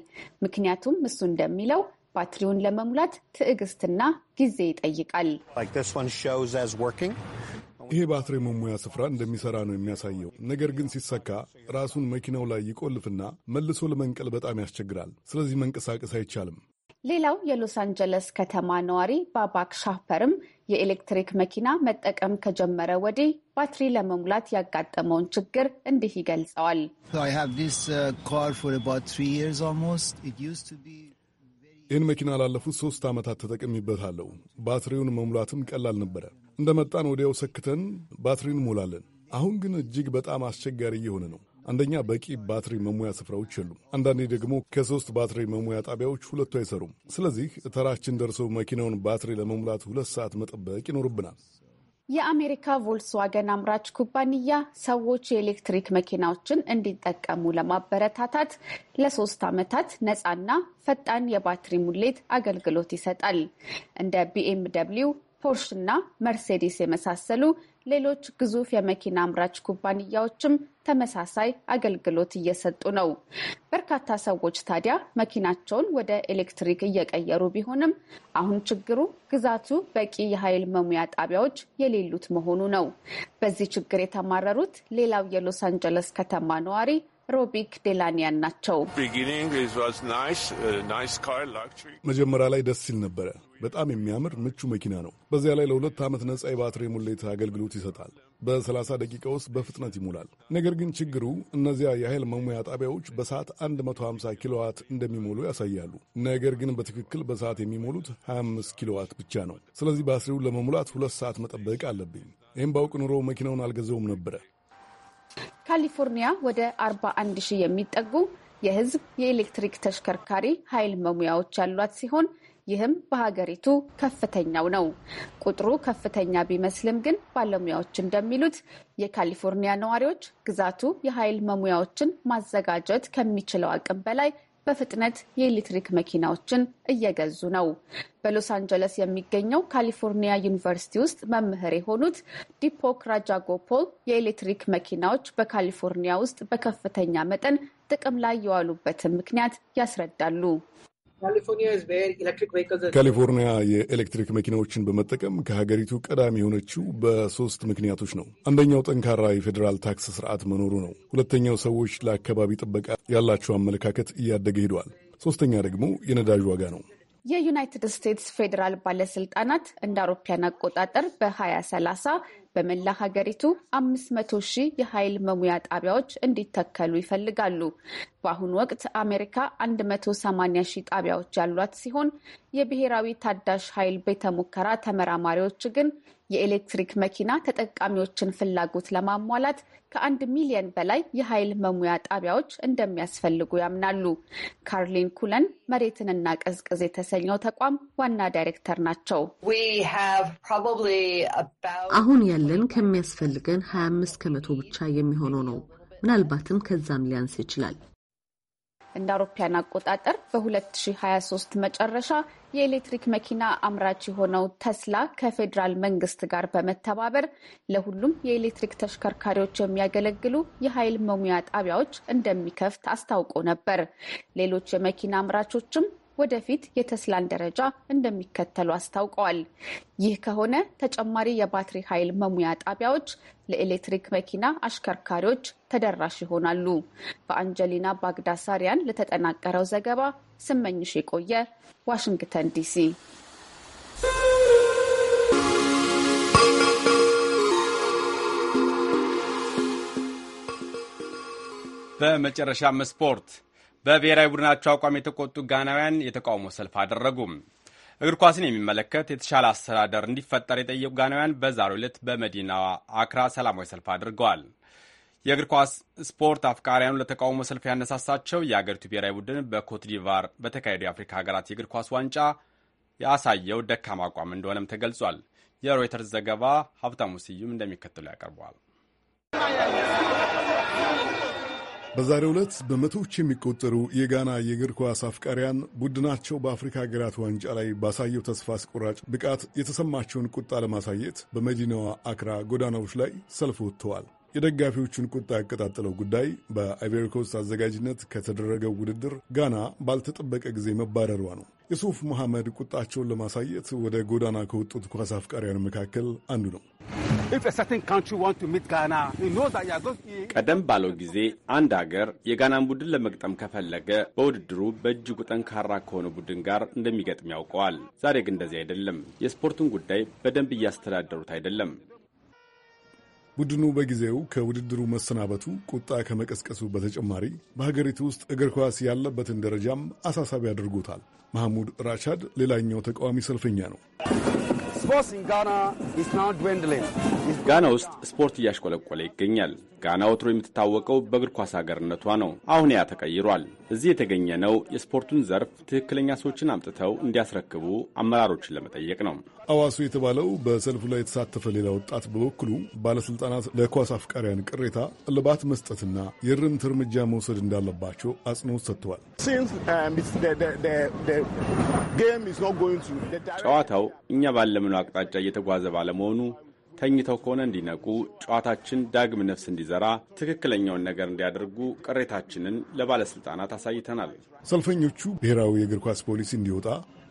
ምክንያቱም እሱ እንደሚለው ባትሪውን ለመሙላት ትዕግስትና ጊዜ ይጠይቃል። ይሄ ባትሪ መሙያ ስፍራ እንደሚሰራ ነው የሚያሳየው። ነገር ግን ሲሰካ ራሱን መኪናው ላይ ይቆልፍና መልሶ ለመንቀል በጣም ያስቸግራል። ስለዚህ መንቀሳቀስ አይቻልም። ሌላው የሎስ አንጀለስ ከተማ ነዋሪ ባባክ ሻፐርም የኤሌክትሪክ መኪና መጠቀም ከጀመረ ወዲህ ባትሪ ለመሙላት ያጋጠመውን ችግር እንዲህ ይገልጸዋል። uh, ይህን መኪና ላለፉት ሶስት ዓመታት ተጠቅሚበታለሁ። ባትሪውን መሙላትም ቀላል ነበረ። እንደመጣን ወዲያው ሰክተን ባትሪ ሞላለን። አሁን ግን እጅግ በጣም አስቸጋሪ እየሆነ ነው። አንደኛ በቂ ባትሪ መሙያ ስፍራዎች የሉም። አንዳንዴ ደግሞ ከሶስት ባትሪ መሙያ ጣቢያዎች ሁለቱ አይሰሩም። ስለዚህ ተራችን ደርሶ መኪናውን ባትሪ ለመሙላት ሁለት ሰዓት መጠበቅ ይኖርብናል። የአሜሪካ ቮልስዋገን አምራች ኩባንያ ሰዎች የኤሌክትሪክ መኪናዎችን እንዲጠቀሙ ለማበረታታት ለሶስት ዓመታት ነፃና ፈጣን የባትሪ ሙሌት አገልግሎት ይሰጣል። እንደ ቢኤምደብሊው ፖርሽና መርሴዲስ የመሳሰሉ ሌሎች ግዙፍ የመኪና አምራች ኩባንያዎችም ተመሳሳይ አገልግሎት እየሰጡ ነው። በርካታ ሰዎች ታዲያ መኪናቸውን ወደ ኤሌክትሪክ እየቀየሩ ቢሆንም አሁን ችግሩ ግዛቱ በቂ የኃይል መሙያ ጣቢያዎች የሌሉት መሆኑ ነው። በዚህ ችግር የተማረሩት ሌላው የሎስ አንጀለስ ከተማ ነዋሪ ሮቢክ ዴላኒያን ናቸው። uh, መጀመሪያ ላይ ደስ ሲል ነበረ በጣም የሚያምር ምቹ መኪና ነው። በዚያ ላይ ለሁለት ዓመት ነጻ የባትሪ ሙሌት አገልግሎት ይሰጣል። በ30 ደቂቃ ውስጥ በፍጥነት ይሞላል። ነገር ግን ችግሩ እነዚያ የኃይል መሙያ ጣቢያዎች በሰዓት 150 ኪሎዋት እንደሚሞሉ ያሳያሉ። ነገር ግን በትክክል በሰዓት የሚሞሉት 25 ኪሎዋት ብቻ ነው። ስለዚህ ባትሪውን ለመሙላት ሁለት ሰዓት መጠበቅ አለብኝ። ይህም ባውቅ ኑሮ መኪናውን አልገዘውም ነበረ። ካሊፎርኒያ ወደ 41 ሺህ የሚጠጉ የህዝብ የኤሌክትሪክ ተሽከርካሪ ኃይል መሙያዎች ያሏት ሲሆን ይህም በሀገሪቱ ከፍተኛው ነው። ቁጥሩ ከፍተኛ ቢመስልም ግን ባለሙያዎች እንደሚሉት የካሊፎርኒያ ነዋሪዎች ግዛቱ የኃይል መሙያዎችን ማዘጋጀት ከሚችለው አቅም በላይ በፍጥነት የኤሌክትሪክ መኪናዎችን እየገዙ ነው። በሎስ አንጀለስ የሚገኘው ካሊፎርኒያ ዩኒቨርሲቲ ውስጥ መምህር የሆኑት ዲፖክ ራጃጎፖል የኤሌክትሪክ መኪናዎች በካሊፎርኒያ ውስጥ በከፍተኛ መጠን ጥቅም ላይ የዋሉበትን ምክንያት ያስረዳሉ። ካሊፎርኒያ የኤሌክትሪክ መኪናዎችን በመጠቀም ከሀገሪቱ ቀዳሚ የሆነችው በሶስት ምክንያቶች ነው። አንደኛው ጠንካራ የፌዴራል ታክስ ስርዓት መኖሩ ነው። ሁለተኛው ሰዎች ለአካባቢ ጥበቃ ያላቸው አመለካከት እያደገ ሄደዋል። ሶስተኛ ደግሞ የነዳጅ ዋጋ ነው። የዩናይትድ ስቴትስ ፌዴራል ባለስልጣናት እንደ አውሮፓያን አቆጣጠር በ2030 በመላ ሀገሪቱ አምስት መቶ ሺህ የኃይል መሙያ ጣቢያዎች እንዲተከሉ ይፈልጋሉ። በአሁኑ ወቅት አሜሪካ አንድ መቶ ሰማኒያ ሺህ ጣቢያዎች ያሏት ሲሆን የብሔራዊ ታዳሽ ኃይል ቤተ ሙከራ ተመራማሪዎች ግን የኤሌክትሪክ መኪና ተጠቃሚዎችን ፍላጎት ለማሟላት ከአንድ ሚሊየን በላይ የኃይል መሙያ ጣቢያዎች እንደሚያስፈልጉ ያምናሉ። ካርሊን ኩለን መሬትንና ቀዝቅዝ የተሰኘው ተቋም ዋና ዳይሬክተር ናቸው። አሁን ያለን ከሚያስፈልገን 25 ከመቶ ብቻ የሚሆነው ነው። ምናልባትም ከዛም ሊያንስ ይችላል። እንደ አውሮፓያን አቆጣጠር በ2023 መጨረሻ የኤሌክትሪክ መኪና አምራች የሆነው ተስላ ከፌዴራል መንግስት ጋር በመተባበር ለሁሉም የኤሌክትሪክ ተሽከርካሪዎች የሚያገለግሉ የኃይል መሙያ ጣቢያዎች እንደሚከፍት አስታውቆ ነበር። ሌሎች የመኪና አምራቾችም ወደፊት የተስላን ደረጃ እንደሚከተሉ አስታውቀዋል። ይህ ከሆነ ተጨማሪ የባትሪ ኃይል መሙያ ጣቢያዎች ለኤሌክትሪክ መኪና አሽከርካሪዎች ተደራሽ ይሆናሉ። በአንጀሊና ባግዳሳሪያን ለተጠናቀረው ዘገባ ስመኝሽ የቆየ ዋሽንግተን ዲሲ። በመጨረሻም ስፖርት በብሔራዊ ቡድናቸው አቋም የተቆጡ ጋናውያን የተቃውሞ ሰልፍ አደረጉ። እግር ኳስን የሚመለከት የተሻለ አስተዳደር እንዲፈጠር የጠየቁ ጋናውያን በዛሬው ዕለት በመዲናዋ አክራ ሰላማዊ ሰልፍ አድርገዋል። የእግር ኳስ ስፖርት አፍቃሪያኑ ለተቃውሞ ሰልፍ ያነሳሳቸው የአገሪቱ ብሔራዊ ቡድን በኮትዲቫር በተካሄደው የአፍሪካ ሀገራት የእግር ኳስ ዋንጫ ያሳየው ደካማ አቋም እንደሆነም ተገልጿል። የሮይተርስ ዘገባ ሀብታሙ ስዩም እንደሚከተሉ ያቀርበዋል። በዛሬ ዕለት በመቶዎች የሚቆጠሩ የጋና የእግር ኳስ አፍቃሪያን ቡድናቸው በአፍሪካ ሀገራት ዋንጫ ላይ ባሳየው ተስፋ አስቆራጭ ብቃት የተሰማቸውን ቁጣ ለማሳየት በመዲናዋ አክራ ጎዳናዎች ላይ ሰልፍ ወጥተዋል። የደጋፊዎቹን ቁጣ ያቀጣጠለው ጉዳይ በአይቬሪኮስት አዘጋጅነት ከተደረገው ውድድር ጋና ባልተጠበቀ ጊዜ መባረሯ ነው። የሱፍ መሐመድ ቁጣቸውን ለማሳየት ወደ ጎዳና ከወጡት ኳስ አፍቃሪያን መካከል አንዱ ነው። ቀደም ባለው ጊዜ አንድ አገር የጋናን ቡድን ለመግጠም ከፈለገ በውድድሩ በእጅጉ ጠንካራ ከሆነ ቡድን ጋር እንደሚገጥም ያውቀዋል። ዛሬ ግን እንደዚህ አይደለም። የስፖርቱን ጉዳይ በደንብ እያስተዳደሩት አይደለም። ቡድኑ በጊዜው ከውድድሩ መሰናበቱ ቁጣ ከመቀስቀሱ በተጨማሪ በሀገሪቱ ውስጥ እግር ኳስ ያለበትን ደረጃም አሳሳቢ አድርጎታል። መሐሙድ ራቻድ ሌላኛው ተቃዋሚ ሰልፈኛ ነው። ጋና ውስጥ ስፖርት እያሽቆለቆለ ይገኛል። ጋና ወትሮ የምትታወቀው በእግር ኳስ ሀገርነቷ ነው። አሁን ያ ተቀይሯል። እዚህ የተገኘ ነው የስፖርቱን ዘርፍ ትክክለኛ ሰዎችን አምጥተው እንዲያስረክቡ አመራሮችን ለመጠየቅ ነው። አዋሱ የተባለው በሰልፉ ላይ የተሳተፈ ሌላ ወጣት በበኩሉ ባለስልጣናት ለኳስ አፍቃሪያን ቅሬታ እልባት መስጠትና የእርምት እርምጃ መውሰድ እንዳለባቸው አጽንኦት ሰጥተዋል። uh, ጨዋታው እኛ ባለምነው አቅጣጫ እየተጓዘ ባለመሆኑ ተኝተው ከሆነ እንዲነቁ፣ ጨዋታችን ዳግም ነፍስ እንዲዘራ፣ ትክክለኛውን ነገር እንዲያደርጉ ቅሬታችንን ለባለስልጣናት አሳይተናል። ሰልፈኞቹ ብሔራዊ የእግር ኳስ ፖሊሲ እንዲወጣ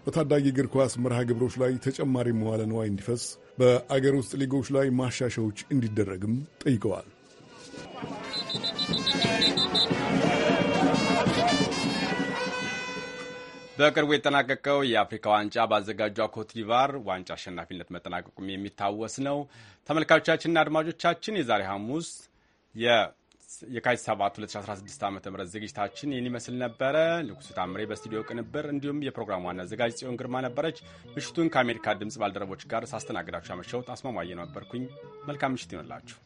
በታዳጊ እግር ኳስ መርሃ ግብሮች ላይ ተጨማሪ መዋለ ንዋይ እንዲፈስ፣ በአገር ውስጥ ሊጎች ላይ ማሻሻዎች እንዲደረግም ጠይቀዋል። በቅርቡ የተጠናቀቀው የአፍሪካ ዋንጫ ባዘጋጇ ኮትዲቫር ዋንጫ አሸናፊነት መጠናቀቁም የሚታወስ ነው። ተመልካቾቻችንና አድማጮቻችን የዛሬ ሐሙስ የካቲት 7 2016 ዓ ም ዝግጅታችን ይህን ይመስል ነበረ። ንጉሱ ታምሬ በስቱዲዮ ቅንብር፣ እንዲሁም የፕሮግራሙ ዋና አዘጋጅ ጽዮን ግርማ ነበረች። ምሽቱን ከአሜሪካ ድምፅ ባልደረቦች ጋር ሳስተናግዳችሁ አመሸሁት። አስማማየ ነበርኩኝ። መልካም ምሽት ይሆንላችሁ።